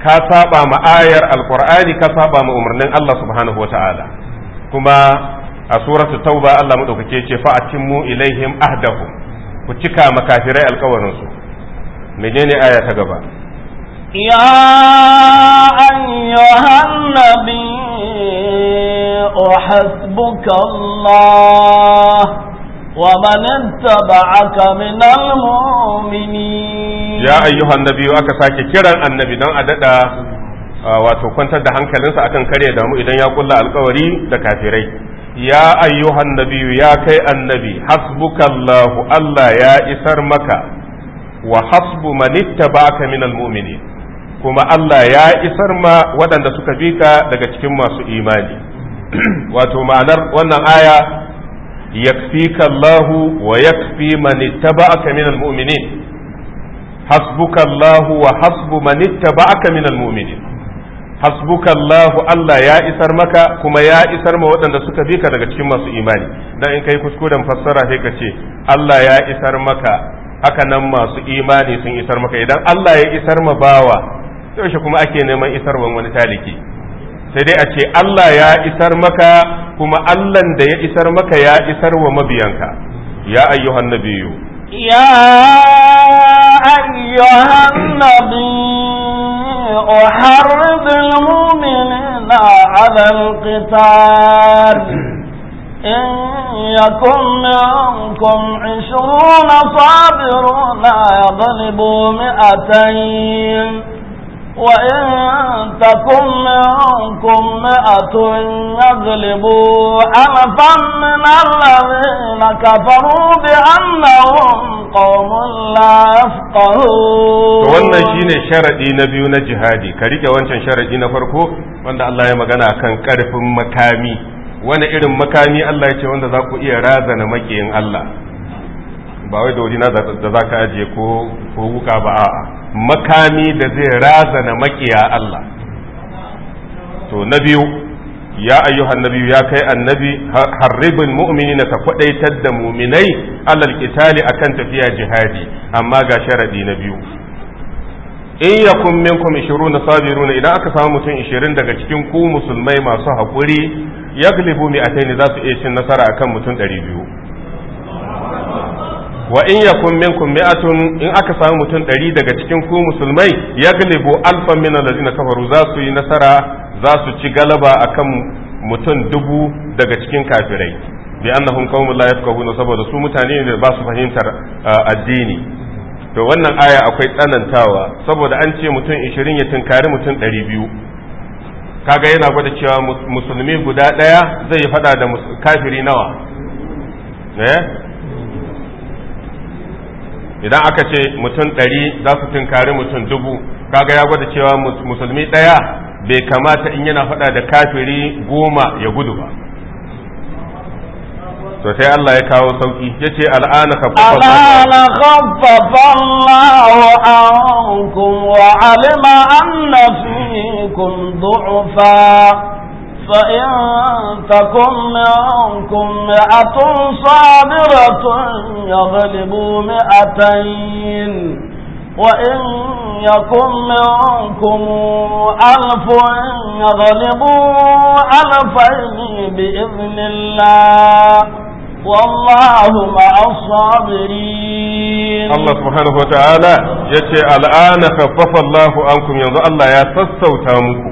ka saba ma ayar alqur'ani ka saba ma umarnin Allah subhanahu wataala kuma a suratul tauba Allah madaukake ce fa atimmu ilaihim ahdahu ku cika makafirai alkawarin su menene aya ta gaba ya ayyuhan nabi hasbuka Allah sake kiran annabi المؤمنين a daɗa wato kwantar da hankalinsa akan kare mu idan ya kulla alkawari da kafirai ya ayyuhan nabiyu ya kai annabi hasbukallahu Allah ya isar maka wa hasbu man ittaba'aka minal mu'minin kuma Allah ya isar ma waɗanda suka bi daga cikin masu imani wato ma'anar wannan aya yakfika Allahu wa yakfi man ittaba'aka minal mu'minin حسبك الله وحسب من اتبعك من المؤمنين حسبك Allah ya isar maka kuma ya isar ma waɗanda suka bika daga cikin masu imani dan in kai kuskuren fassara sai ce Allah ya isar maka haka nan masu imani sun isar maka idan Allah ya isar ma bawa yaushe kuma ake neman isarwan wani taliki sai dai a ce Allah ya isar maka kuma Allahn da ya isar maka ya isar wa mabiyanka ya ayyuhan nabiyyu ya ayyuhan nabiyyu harbil mu'minina 'ala al إن يكن منكم عشرون صابرون يغلبوا مئتين وإن تكن منكم مئة يغلبوا ألفا من الذين كفروا بأنهم قوم لا يفقهون wannan shine sharaɗi na biyu na jihadi ka riƙe wancan sharaɗi na farko wanda Allah ya magana kan ƙarfin makami wani irin makami Allah ya ce wanda za ku iya razana makiyin Allah ba wai wuri na da za ka ajiye ko wuka ba a'a makami da zai razana makiya Allah to na biyu ya ayyuhan nabiyu ya kai annabi harribin na ka kwadaitar da muminai alal a kan tafiya jihadi amma ga sharadi na biyu in yakun minkum 20 sabiruna idan aka samu mutum 20 daga cikin ku musulmai masu hakuri yaglibu mi'atayn za su iya cin nasara akan mutum 200 wa in yakun minkum mi'atun in aka samu mutum 100 daga cikin ku musulmai yaglibu alfan min alladhina kafaru za su yi nasara za su ci galaba akan mutum dubu daga cikin kafirai bi annahum qaumun la yafqahuna saboda su mutane ne ba su fahimtar ah, addini to wannan aya akwai tsanantawa saboda an ce mutum 20 ya tunkari mutum 200 kaga yana gwada cewa musulmi guda daya zai yi fada da kafiri nawa eh? idan aka ce mutum 100 za su tunkari mutum dubu kaga ya gwada cewa musulmi daya bai kamata in yana fada da kafiri goma ya gudu ba to sai Allah ya kawo sauki yace al'ana khaffafa al'ana khaffafa Allahu ankum wa alima anna fikum du'fa فإن تكن منكم مئة صابرة يغلبوا مئتين وإن يكن منكم ألف يغلبوا ألفين بإذن الله والله مع الصابرين الله سبحانه وتعالى يتي الآن خفف الله عنكم ينظر الله يا تسوتا muku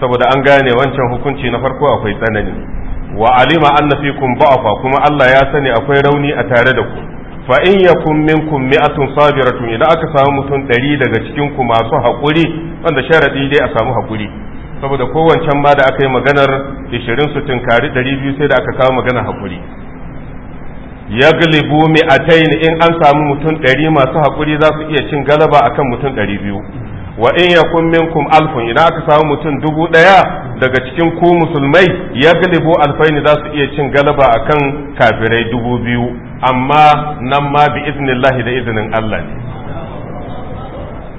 saboda an gane wancan hukunci na farko akwai tsanani wa alima anna fikum ba'fa kuma Allah ya sani akwai rauni a tare da ku fa in yakum minkum mi'atun sabiratun idan aka samu mutum ɗari daga cikin ku masu haƙuri wanda sharadi dai a samu haƙuri saboda kowacen ma da aka yi maganar 20 su ɗari biyu sai da aka kawo maganar haƙuri ya galibu mi'atain in an samu mutum ɗari masu haƙuri za su iya cin galaba akan mutum ɗari biyu wa in yakun minkum alfun idan aka samu mutum dubu ɗaya daga cikin ku musulmai ya galibu alfaini za su iya cin galaba akan kafirai dubu biyu amma nan ma bi iznillahi da izinin Allah ne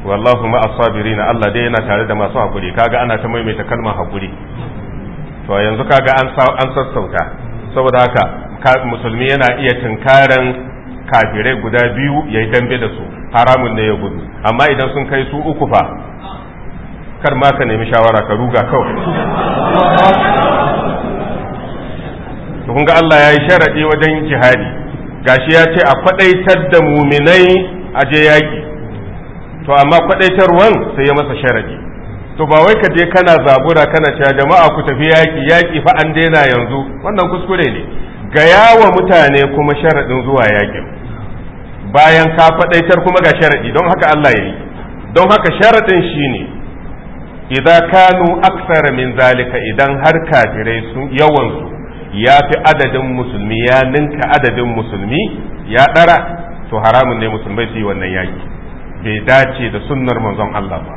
wallahu ma as Allah dai yana tare da masu haƙuri kaga ana ta maimaita kalmar haƙuri to yanzu kaga an sassauta saboda haka musulmi yana iya tunkaran kafirai guda biyu ya yi dambe da su haramun ne ya gudu amma idan sun kai su uku fa kar ma ka nemi shawara ka ruga kawai kun ga Allah ya yi sharaɗi wajen jihadi gashi ya ce a kwaɗaitar da muminai aje je yaƙi to amma kwaɗaitarwan sai ya masa sharaɗi to ba wai ka je kana zabura kana cewa jama'a ku tafi yaki yaki fa an daina yanzu wannan kuskure ne ga yawa mutane kuma sharadin zuwa yakin bayan ka faɗaitar kuma ga sharadi don haka Allah ya yi don haka sharadin shine idza kanu aksara min zalika idan har kafirai sun yawan su ya fi adadin musulmi ya ninka adadin musulmi ya ɗara to haramun ne musulmai su yi wannan yaki bai dace da sunnar manzon Allah ba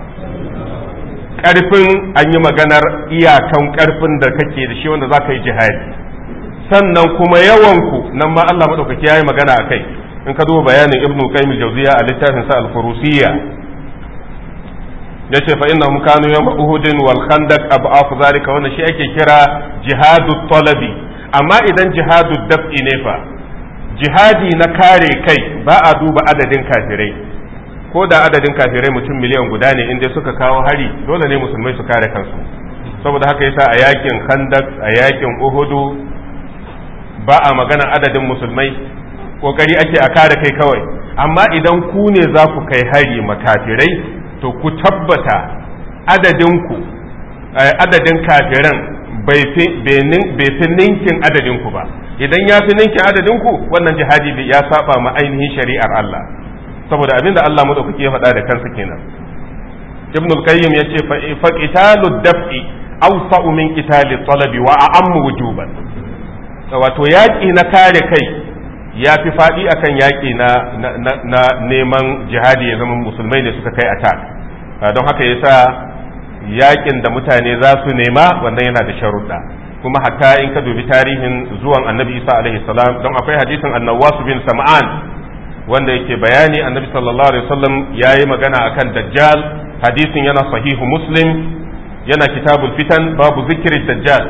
ƙarfin an yi maganar iyakan ƙarfin da kake da shi wanda za ka yi jihadi sannan kuma yawanku nan ma Allah maɗaukaki ya yi magana a kai in ka duba bayanin ibnu qayyim jawziya a littafin sa al-furusiyya yace fa innahum kanu yawm uhudin wal khandaq ab'af zalika wannan shi ake kira jihadu talabi amma idan jihadu dab'i ne fa jihadi na kare kai ba a duba adadin kafirai ko da adadin kafirai mutum miliyan guda ne inda suka kawo hari dole ne musulmai su kare kansu saboda haka yasa a yakin khandak a yakin uhudu ba a magana adadin musulmai kokari ake a kare kai kawai amma idan ku ne za ku kai hari makafirai to ku tabbata adadinku eh, adadin kafiran bai fi ninkin adadinku ba idan ya fi ninkin adadinku wannan jihadi ya saba ma ainihin shari'ar Allah saboda abin da Allah madaukaki ya faɗa da kansa kenan ibn al-qayyim yace fa qitalu daf'i awsa min qitali talabi wa a'ammu wujuban wato yaƙi na kare kai ya fi faɗi akan yaƙi na na neman jihadi ya zama musulmai ne suka kai attack don haka yasa yaƙin da mutane za su nema wannan yana da sharuɗa kuma hatta in ka dubi tarihin zuwan annabi isa alaihi salam don akwai hadisin annawas bin sama'an. wanda yake bayani annabi sallallahu alaihi wasallam yayi magana akan dajjal hadisin yana sahihu muslim yana kitabul fitan babu zikirin dajjal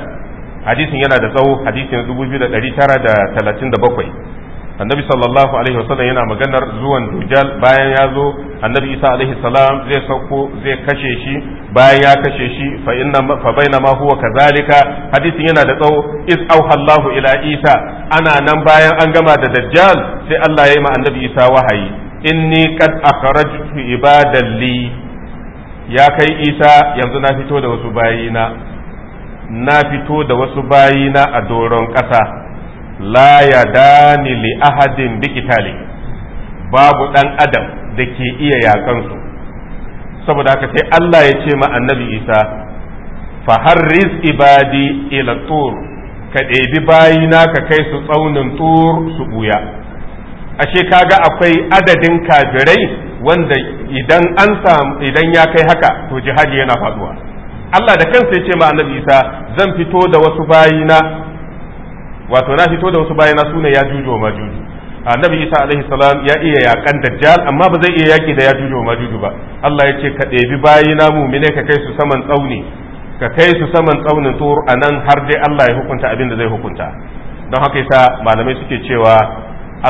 hadisin yana da tsawo hadisin 2937 annabi sallallahu alaihi wasallam yana maganar zuwan dujal bayan ya zo annabi isa alaihi salam zai sauko zai kashe shi bayan ya kashe shi fa inna fa bainama huwa kazalika hadisin yana da tsawo is auhallahu ila isa ana nan bayan an gama da dajjal sai Allah ya yi ma annabi isa wahayi inni qad akhrajtu ibadalli ya kai isa yanzu na fito da wasu bayina na fito da wasu bayina a doron ƙasa la ya dani li ahadin bikitali babu dan adam da ke iya yakansu saboda haka sai Allah ya ce ma annabi Isa fa harriz ibadi ila tur ka ɗebi bayina ka kai su tsaunin tur su buya ashe kaga akwai adadin kafirai wanda idan an samu idan ya kai haka to jihadi yana faduwa Allah da kansa ya ce ma annabi Isa zan fito da wasu bayina wato na fito da wasu bayana na ne ya juju wa majuju annabi isa alaihi salam ya iya yakan dajjal amma ba zai iya yaki da ya juju wa majuju ba Allah ya ce ka ɗebi bayina mumine ka kai su saman tsauni ka kai su saman tsaunin tur a nan har dai Allah ya hukunta abin da zai hukunta don haka yasa malamai suke cewa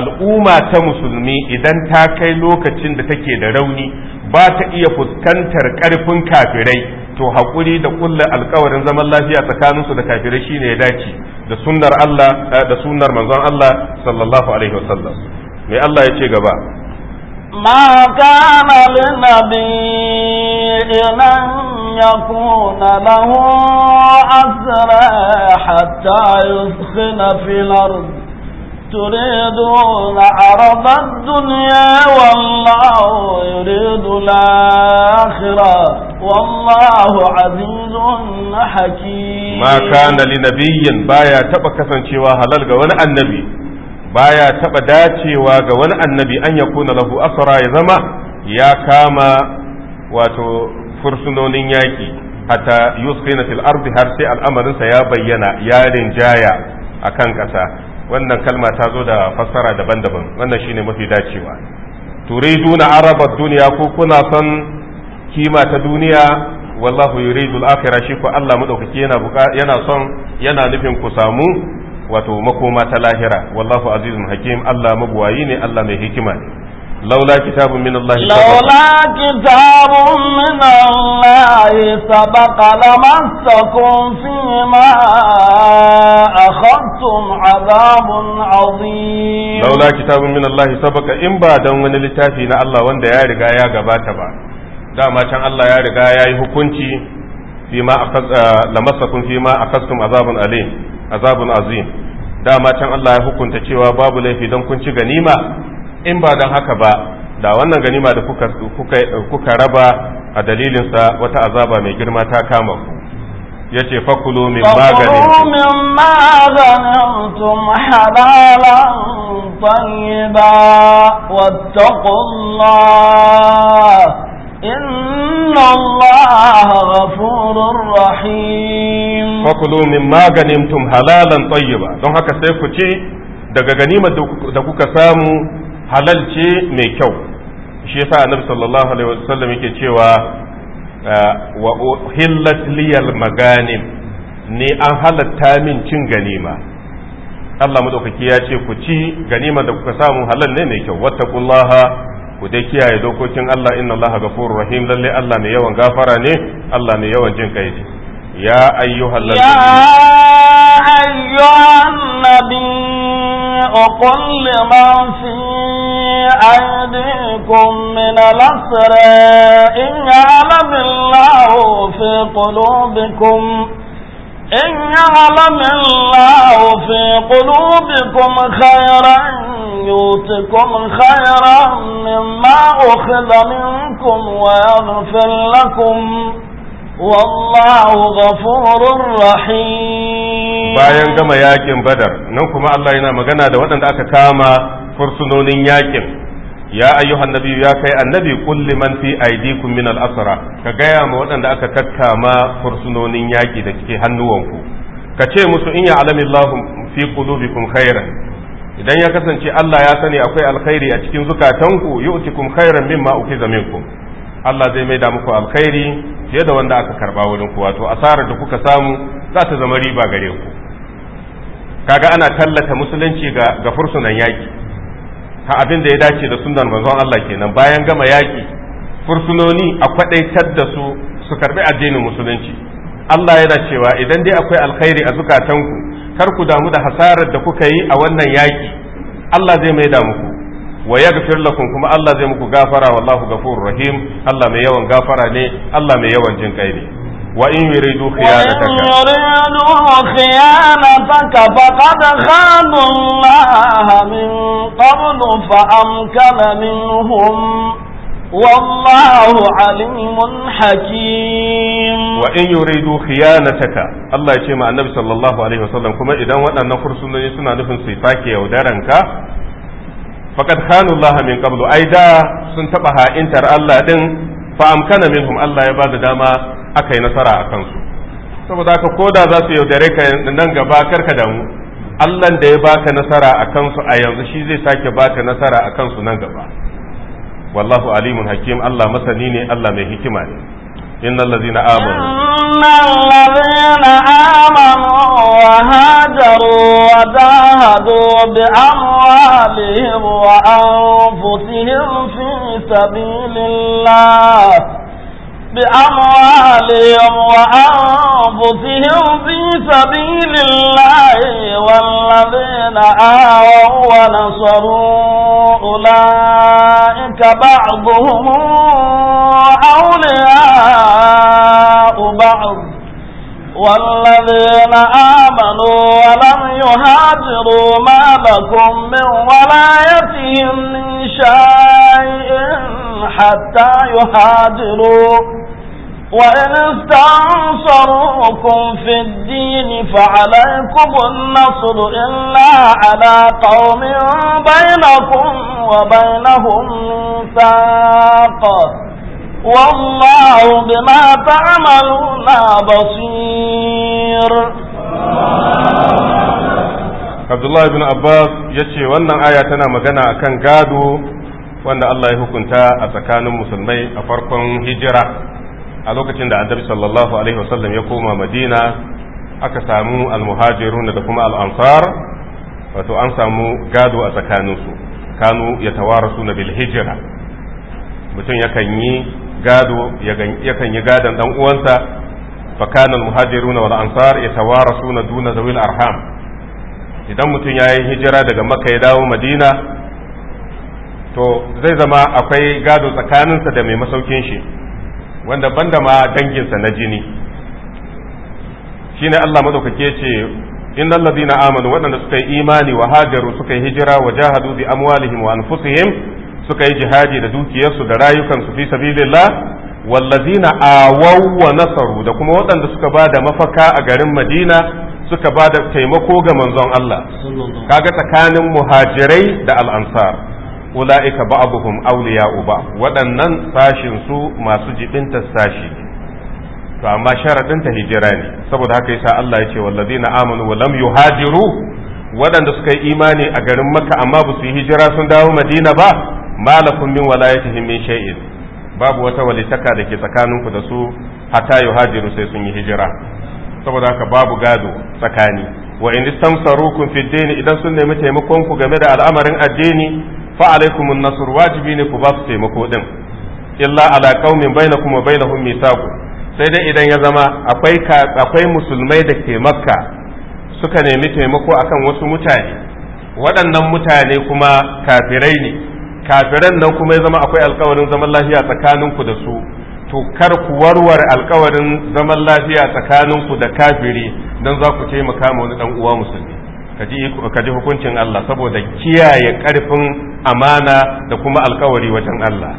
al'umma ta musulmi idan ta kai lokacin da take da rauni ba ta iya fuskantar karfin kafirai to haƙuri da ƙulla alkawarin zaman lafiya tsakaninsu da kafirai shine ya dace da sunnar Allah eh, da sunnar manzon Allah sallallahu alaihi wasallam me Allah ya ce gaba ما كان لنبي أن يكون له أسرى حتى يسخن في الأرض تريدون عرض الدنيا والله يريد الآخرة والله عزيز حكيم ما كان لنبي بايا تبكسا شوى هلال غوان النبي بايا تبدا شوى غوان النبي أن يكون له أسرى يزما يا كاما واتو فرسنونين ياكي حتى يسقينة الأرض هرسي الأمر سيا بينا يا رنجايا akan ƙasa wannan kalma ta zo da fassara daban-daban wannan shine mafi dacewa na arabar duniya ko kuna son kima ta duniya wallahu yuridul akhirah shi ko Allah madaukaki yana yana son yana nufin ku samu wato makoma ta lahira wallahu azizun hakim Allah mabuwayi ne Allah mai hikima ne laula kitabun كتاب من الله لولا كتاب من الله سبق fi ma. laula kitabun min Allah sabaka in ba don wani littafi na Allah wanda ya riga ya gabata ba dama can Allah ya riga ya yi hukunci lamasa kun fi ma a kastun azabun alai azabun azin dama can Allah ya hukunta cewa babu laifi don kun ci ganima in ba don haka ba da wannan ganima da kuka raba a dalilinsa wata azaba mai girma ta kama ku ya ce fakulu min maganantum halalan tayyiba wattaqullah inna allaha ghafurur rahim fakulu min maganantum halalan tayyiba don haka sai ku ce daga ganimar da kuka samu halal ce mai kyau shi yasa annabi sallallahu alaihi wasallam yake cewa wa uhillat liyal maganim ni an halatta min cin ganima Allah madaukaki ya ce ku ci ganima da kuka samu halal ne mai kyau wattaqullaha ku dai kiyaye dokokin Allah inna Allah ghafurur rahim lalle Allah mai yawan gafara ne Allah ne yawan jin kai ne ya ayyuhal ya ayyuhan nabiy أقل ما في أيديكم من الأسرى إن يعلم الله في قلوبكم إن يعلم الله في قلوبكم خيرا يؤتكم خيرا مما أخذ منكم ويغفر لكم والله غفور رحيم bayan gama yakin badar nan kuma Allah yana magana da waɗanda aka kama fursunonin yakin ya ayyuhan nabi ya kai annabi kulli man fi aidikum min al-asra ka gaya ma waɗanda aka kakkama fursunonin yaki da ke hannuwanku ka ce musu in ya'lamu Allah fi qulubikum khairan idan ya kasance Allah ya sani akwai alkhairi a cikin zukatanku yu'tikum khairan mimma ukiza minkum Allah zai maida muku alkhairi fiye da wanda aka karba wurin ku wato asarar da kuka samu za ta zama riba gare ku kaga ana tallata musulunci ga ga fursunan yaki ha abin da ya dace da sunan manzon Allah kenan bayan gama yaki fursunoni a kwadaitar da su su karbi addinin musulunci Allah yana cewa idan dai akwai alkhairi a zukatanku kar ku damu da hasarar da kuka yi a wannan yaki Allah zai mai da muku wa yaghfir lakum kuma Allah zai muku gafara wallahu ghafurur rahim Allah mai yawan gafara ne Allah mai yawan jin kai ne وإن يريدوا خيانتك وإن يريدوا خيانتك فقد خانوا الله من قبل فأمكن منهم والله عليم حكيم وإن يريدوا خيانتك الله يشيما النبي صلى الله عليه وسلم كما إذا وأنا نفر سنة سنة نفن صفاك يودارنك فقد خانوا الله من قبل أيضا سنتبها انتر الله دن فأمكن منهم الله يباد داما aka yi nasara a kansu saboda haka ko da za su yaudare ka nan gaba karka damu allah da ya baka nasara a kansu a yanzu shi zai sake baka nasara a kansu nan gaba wallahu alimun hakim allah masani ne allah mai hikima ne Inna الذين amanu, bi الذين wa وهاجروا وجاهدوا بأموالهم وأنفسهم بأموالهم وأنفسهم في سبيل الله والذين آووا ونصروا أولئك بعضهم أولياء بعض والذين آمنوا ولم يهاجروا ما لكم من ولايتهم من شيء حتى يهاجروا Wainisitan sun hukumfi dini fa alaikugu na sulhu illa ala ƙaunin bainakun wa bainakun safa, wamma hukuma ta amma na basir. Abdullahi bin Abba ya ce, wannan aya tana magana a kan gado, wanda Allah ya hukunta a tsakanin musulmai a farkon hijira. a lokacin da annabi sallallahu alaihi wasallam ya koma madina aka samu almuhajirun da kuma al'ansar wato an samu gado a tsakaninsu kanu ya tawarasu na bil hijira mutum yakan yi gado yakan yi gadon dan uwansa فكان ya والأنصار يتوارثون duna zawil arham idan mutum ya yi hijira daga makka ya dawo madina to zai zama akwai gado tsakaninsa da mai masaukin shi wanda da ma danginsa na jini shine Allah madaukake ce innal ladina amanu waɗanda suka yi imani wa hajaru suka yi hijira wa jahadu bi amwalihim wa anfusihim suka yi jihadi da dukiyarsu da rayukansu fi sabilillah wallazina awaw wa nasaru da kuma waɗanda suka ba da mafaka a garin Madina suka ba da taimako ga manzon Allah kaga tsakanin muhajirai da al'ansar ula'ika ba'abuhum auliya ba waɗannan sashinsu masu jibinta sashi to amma sharadin hijira ne saboda haka yasa Allah ya ce na amanu wa lam yuhajiru waɗanda suka yi imani a garin Makka amma ba su yi hijira sun dawo Madina ba malakum min walayatihim min shay'in babu wata walitaka da ke tsakaninku da su hatta yuhajiru sai sun yi hijira saboda haka babu gado tsakani wa in istamsarukum fi dini idan sun nemi taimakon ku game da al'amarin addini fa alaikum nasr wajibi ne ku ba su taimako din illa ala qaumin bainakum wa bainahum mithaq sai dai idan ya zama akwai akwai musulmai da ke makka suka nemi taimako akan wasu mutane waɗannan mutane kuma kafirai ne kafiran nan kuma ya zama akwai alkawarin zaman lafiya tsakaninku da su to kar ku warware alkawarin zaman lafiya tsakanin ku da kafiri don za ku taimaka ma wani dan uwa musulmi ka ji hukuncin Allah saboda kiyaye karfin amana da kuma alkawari wajen Allah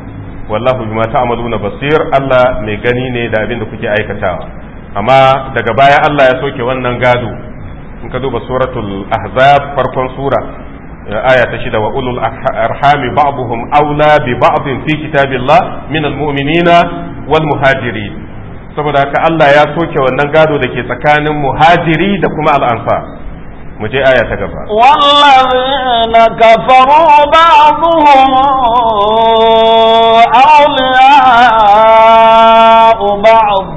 wallahu bima ta'maluna basir Allah mai gani ne da abin da kuke aikatawa amma daga baya Allah ya soke wannan gado in ka duba suratul ahzab farkon sura eh, aya ta shida wa ulul arhami ba'dhum aula bi ba'dhin fi kitabillah min almu'minina wal muhajiri saboda haka Allah ya soke wannan gado da ke tsakanin muhajiri da kuma al'ansar mu je aya ta gaba wallazina kafaru ba'dhum awliya'u ba'd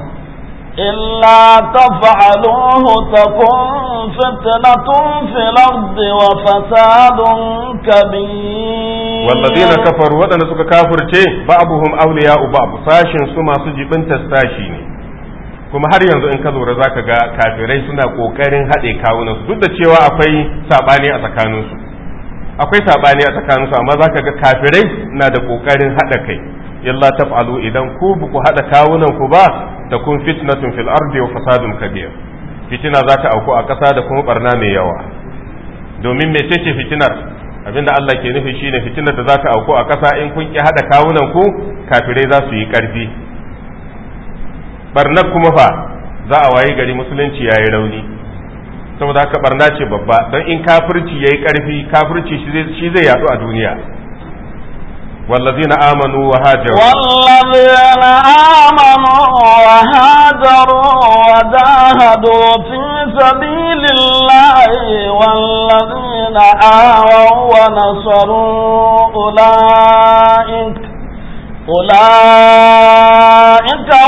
illa taf'aluhu takun fitnatun fil ardi wa fasadun kabir wallazina kafaru wadanda suka kafirce ba'dhum awliya'u ba'd sashin su masu jibinta sashi ne kuma har yanzu in ka lura zaka ga kafirai suna kokarin haɗe kawunan su duk da cewa akwai saɓani a tsakanin su akwai saɓani a tsakanin su amma zaka ga kafirai na da kokarin haɗa kai yalla taf'alu idan ku ku haɗa kawunan ku ba ta kun fitnatun fil ardi wa fasadun kabir fitina za ta auku a ƙasa da kuma barna mai yawa domin mecece fitinar Abin da Allah ke nufi shine fitinar da za ta auku a ƙasa in kun ki haɗa kawunan ku kafirai za su yi ƙarfi barnar kuma fa za a wayi gari musulunci yayi rauni saboda haka barna ce babba don in kafirci yayi karfi kafirci shi zai yadu a duniya والذين آمنوا وهاجروا والذين آمنوا وهاجروا وجاهدوا في سبيل الله والذين آووا ونصروا أولئك أولئك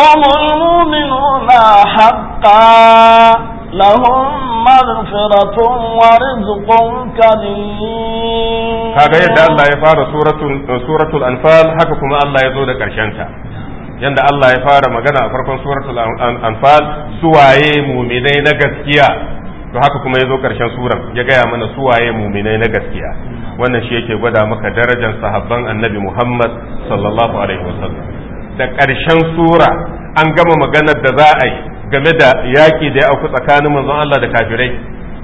هم المؤمنون حقا لهم مغفرة ورزق كريم kaga yadda Allah ya fara suratul suratul anfal haka kuma Allah ya zo da karshen ta yanda Allah ya fara magana a farkon suratul anfal suwaye mu'minai na gaskiya to haka kuma ya zo ƙarshen suran ya gaya mana suwaye muminai na gaskiya wannan shi yake gwada maka darajar sahabban annabi muhammad sallallahu alaihi wasallam da ƙarshen sura an gama maganar da za a yi game da yaƙi da ya auku tsakanin manzon Allah da kafirai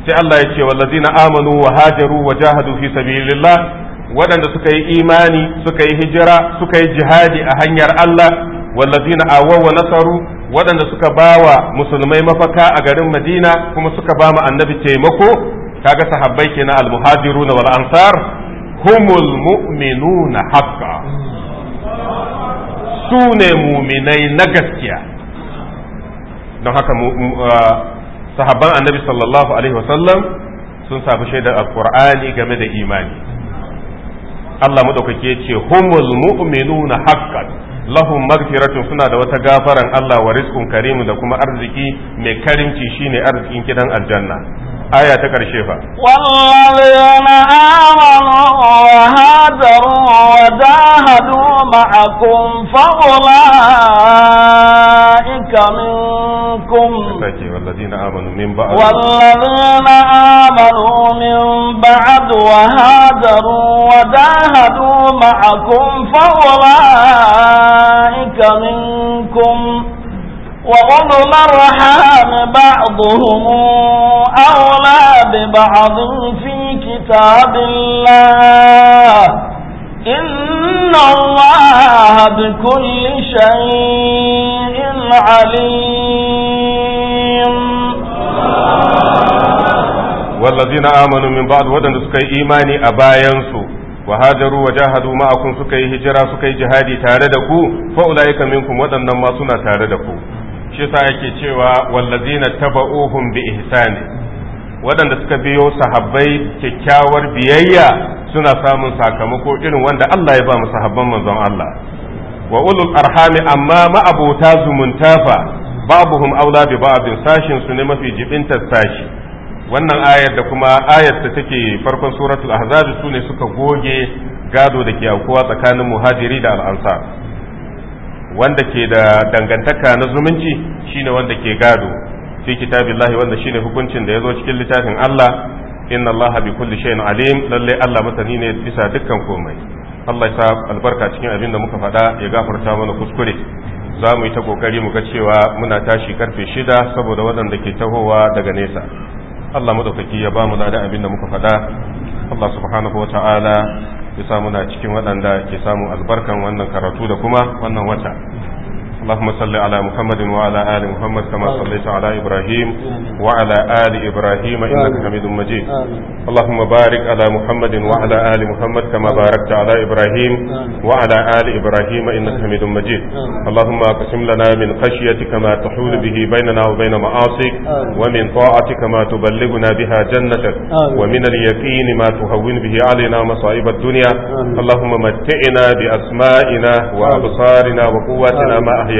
sai Allah ya ce wallazina amanu wa hajaru wa jahadu fi sabilillah waɗanda suka yi imani suka yi hijira suka yi jihadi a hanyar Allah wallazina awaw wa nasaru waɗanda suka bawa musulmai mafaka a garin Madina kuma suka ba annabi taimako kaga sahabbai kenan al-muhajiruna wal ansar humul mu'minuna haqqa su ne muminai na gaskiya don haka uh, sahabban annabi sallallahu alaihi wasallam sun samu shaidar alkur'ani game da imani Allah madaukake ce humul mu'minuna haqqan lahum magfiratun suna da wata gafaran Allah wa rizqun karimu da kuma arziki mai karimci shine arzikin gidan aljanna aya ta karshe fa wallazina amanu wa hadaru wa jahadu ma'akum fa أولئك منكم طيب، والذين آمنوا من بعد والذين آمنوا من بعد وهاجروا وجاهدوا معكم فأولئك منكم وأولو الأرحام بعضهم أولى ببعض في كتاب الله إن الله بكل شيء na amanu waɗanda suka yi عليم والذين آمنوا من بعد ودن سكي إيماني أباينسو وهاجروا وجاهدوا معكم سكي هجرا سكي جهادي تاردكو فأولئك منكم ودن ما سنة تاردكو شيسا yake cewa wallazina taba'uhum bi ihsani waɗanda suka biyo sahabbai kyakkyawar biyayya suna samun sakamako irin wanda Allah ya ba mu sahabban manzon Allah wa ulul arhami amma ma'abota zumuntafa babu babuhum aula bi ba'din sashin su ne mafi jibin tasashi wannan ayar da kuma ayar ta take farkon suratul ahzab su ne suka goge gado da ke aukuwa tsakanin muhajiri da al'ansar wanda ke da dangantaka na zumunci shine wanda ke gado fi kitabillahi wanda shine hukuncin da ya zo cikin littafin Allah inna Allah bi kulli shay'in alim lalle Allah masani ne bisa dukkan komai Allah ya sa albarka cikin abin da muka faɗa ya gafarta mana kuskure za mu yi ta kokari mu ga cewa muna tashi karfe shida saboda waɗanda ke tahowa daga nesa Allah madaukaki ya ba mu da abin da muka faɗa Allah subhanahu wa ta'ala ya sa muna cikin waɗanda ke samun albarkan wannan karatu da kuma wannan wata اللهم صل على محمد وعلى آل محمد كما صليت على إبراهيم وعلى آل إبراهيم إنك حميد مجيد اللهم بارك على محمد وعلى آل محمد كما باركت على إبراهيم وعلى آل إبراهيم إنك حميد مجيد اللهم اقسم لنا من خشيتك ما تحول به بيننا وبين معاصيك ومن طاعتك ما تبلغنا بها جنتك ومن اليقين ما تهون به علينا مصائب الدنيا اللهم متعنا بأسمائنا وأبصارنا وقواتنا ما أحيا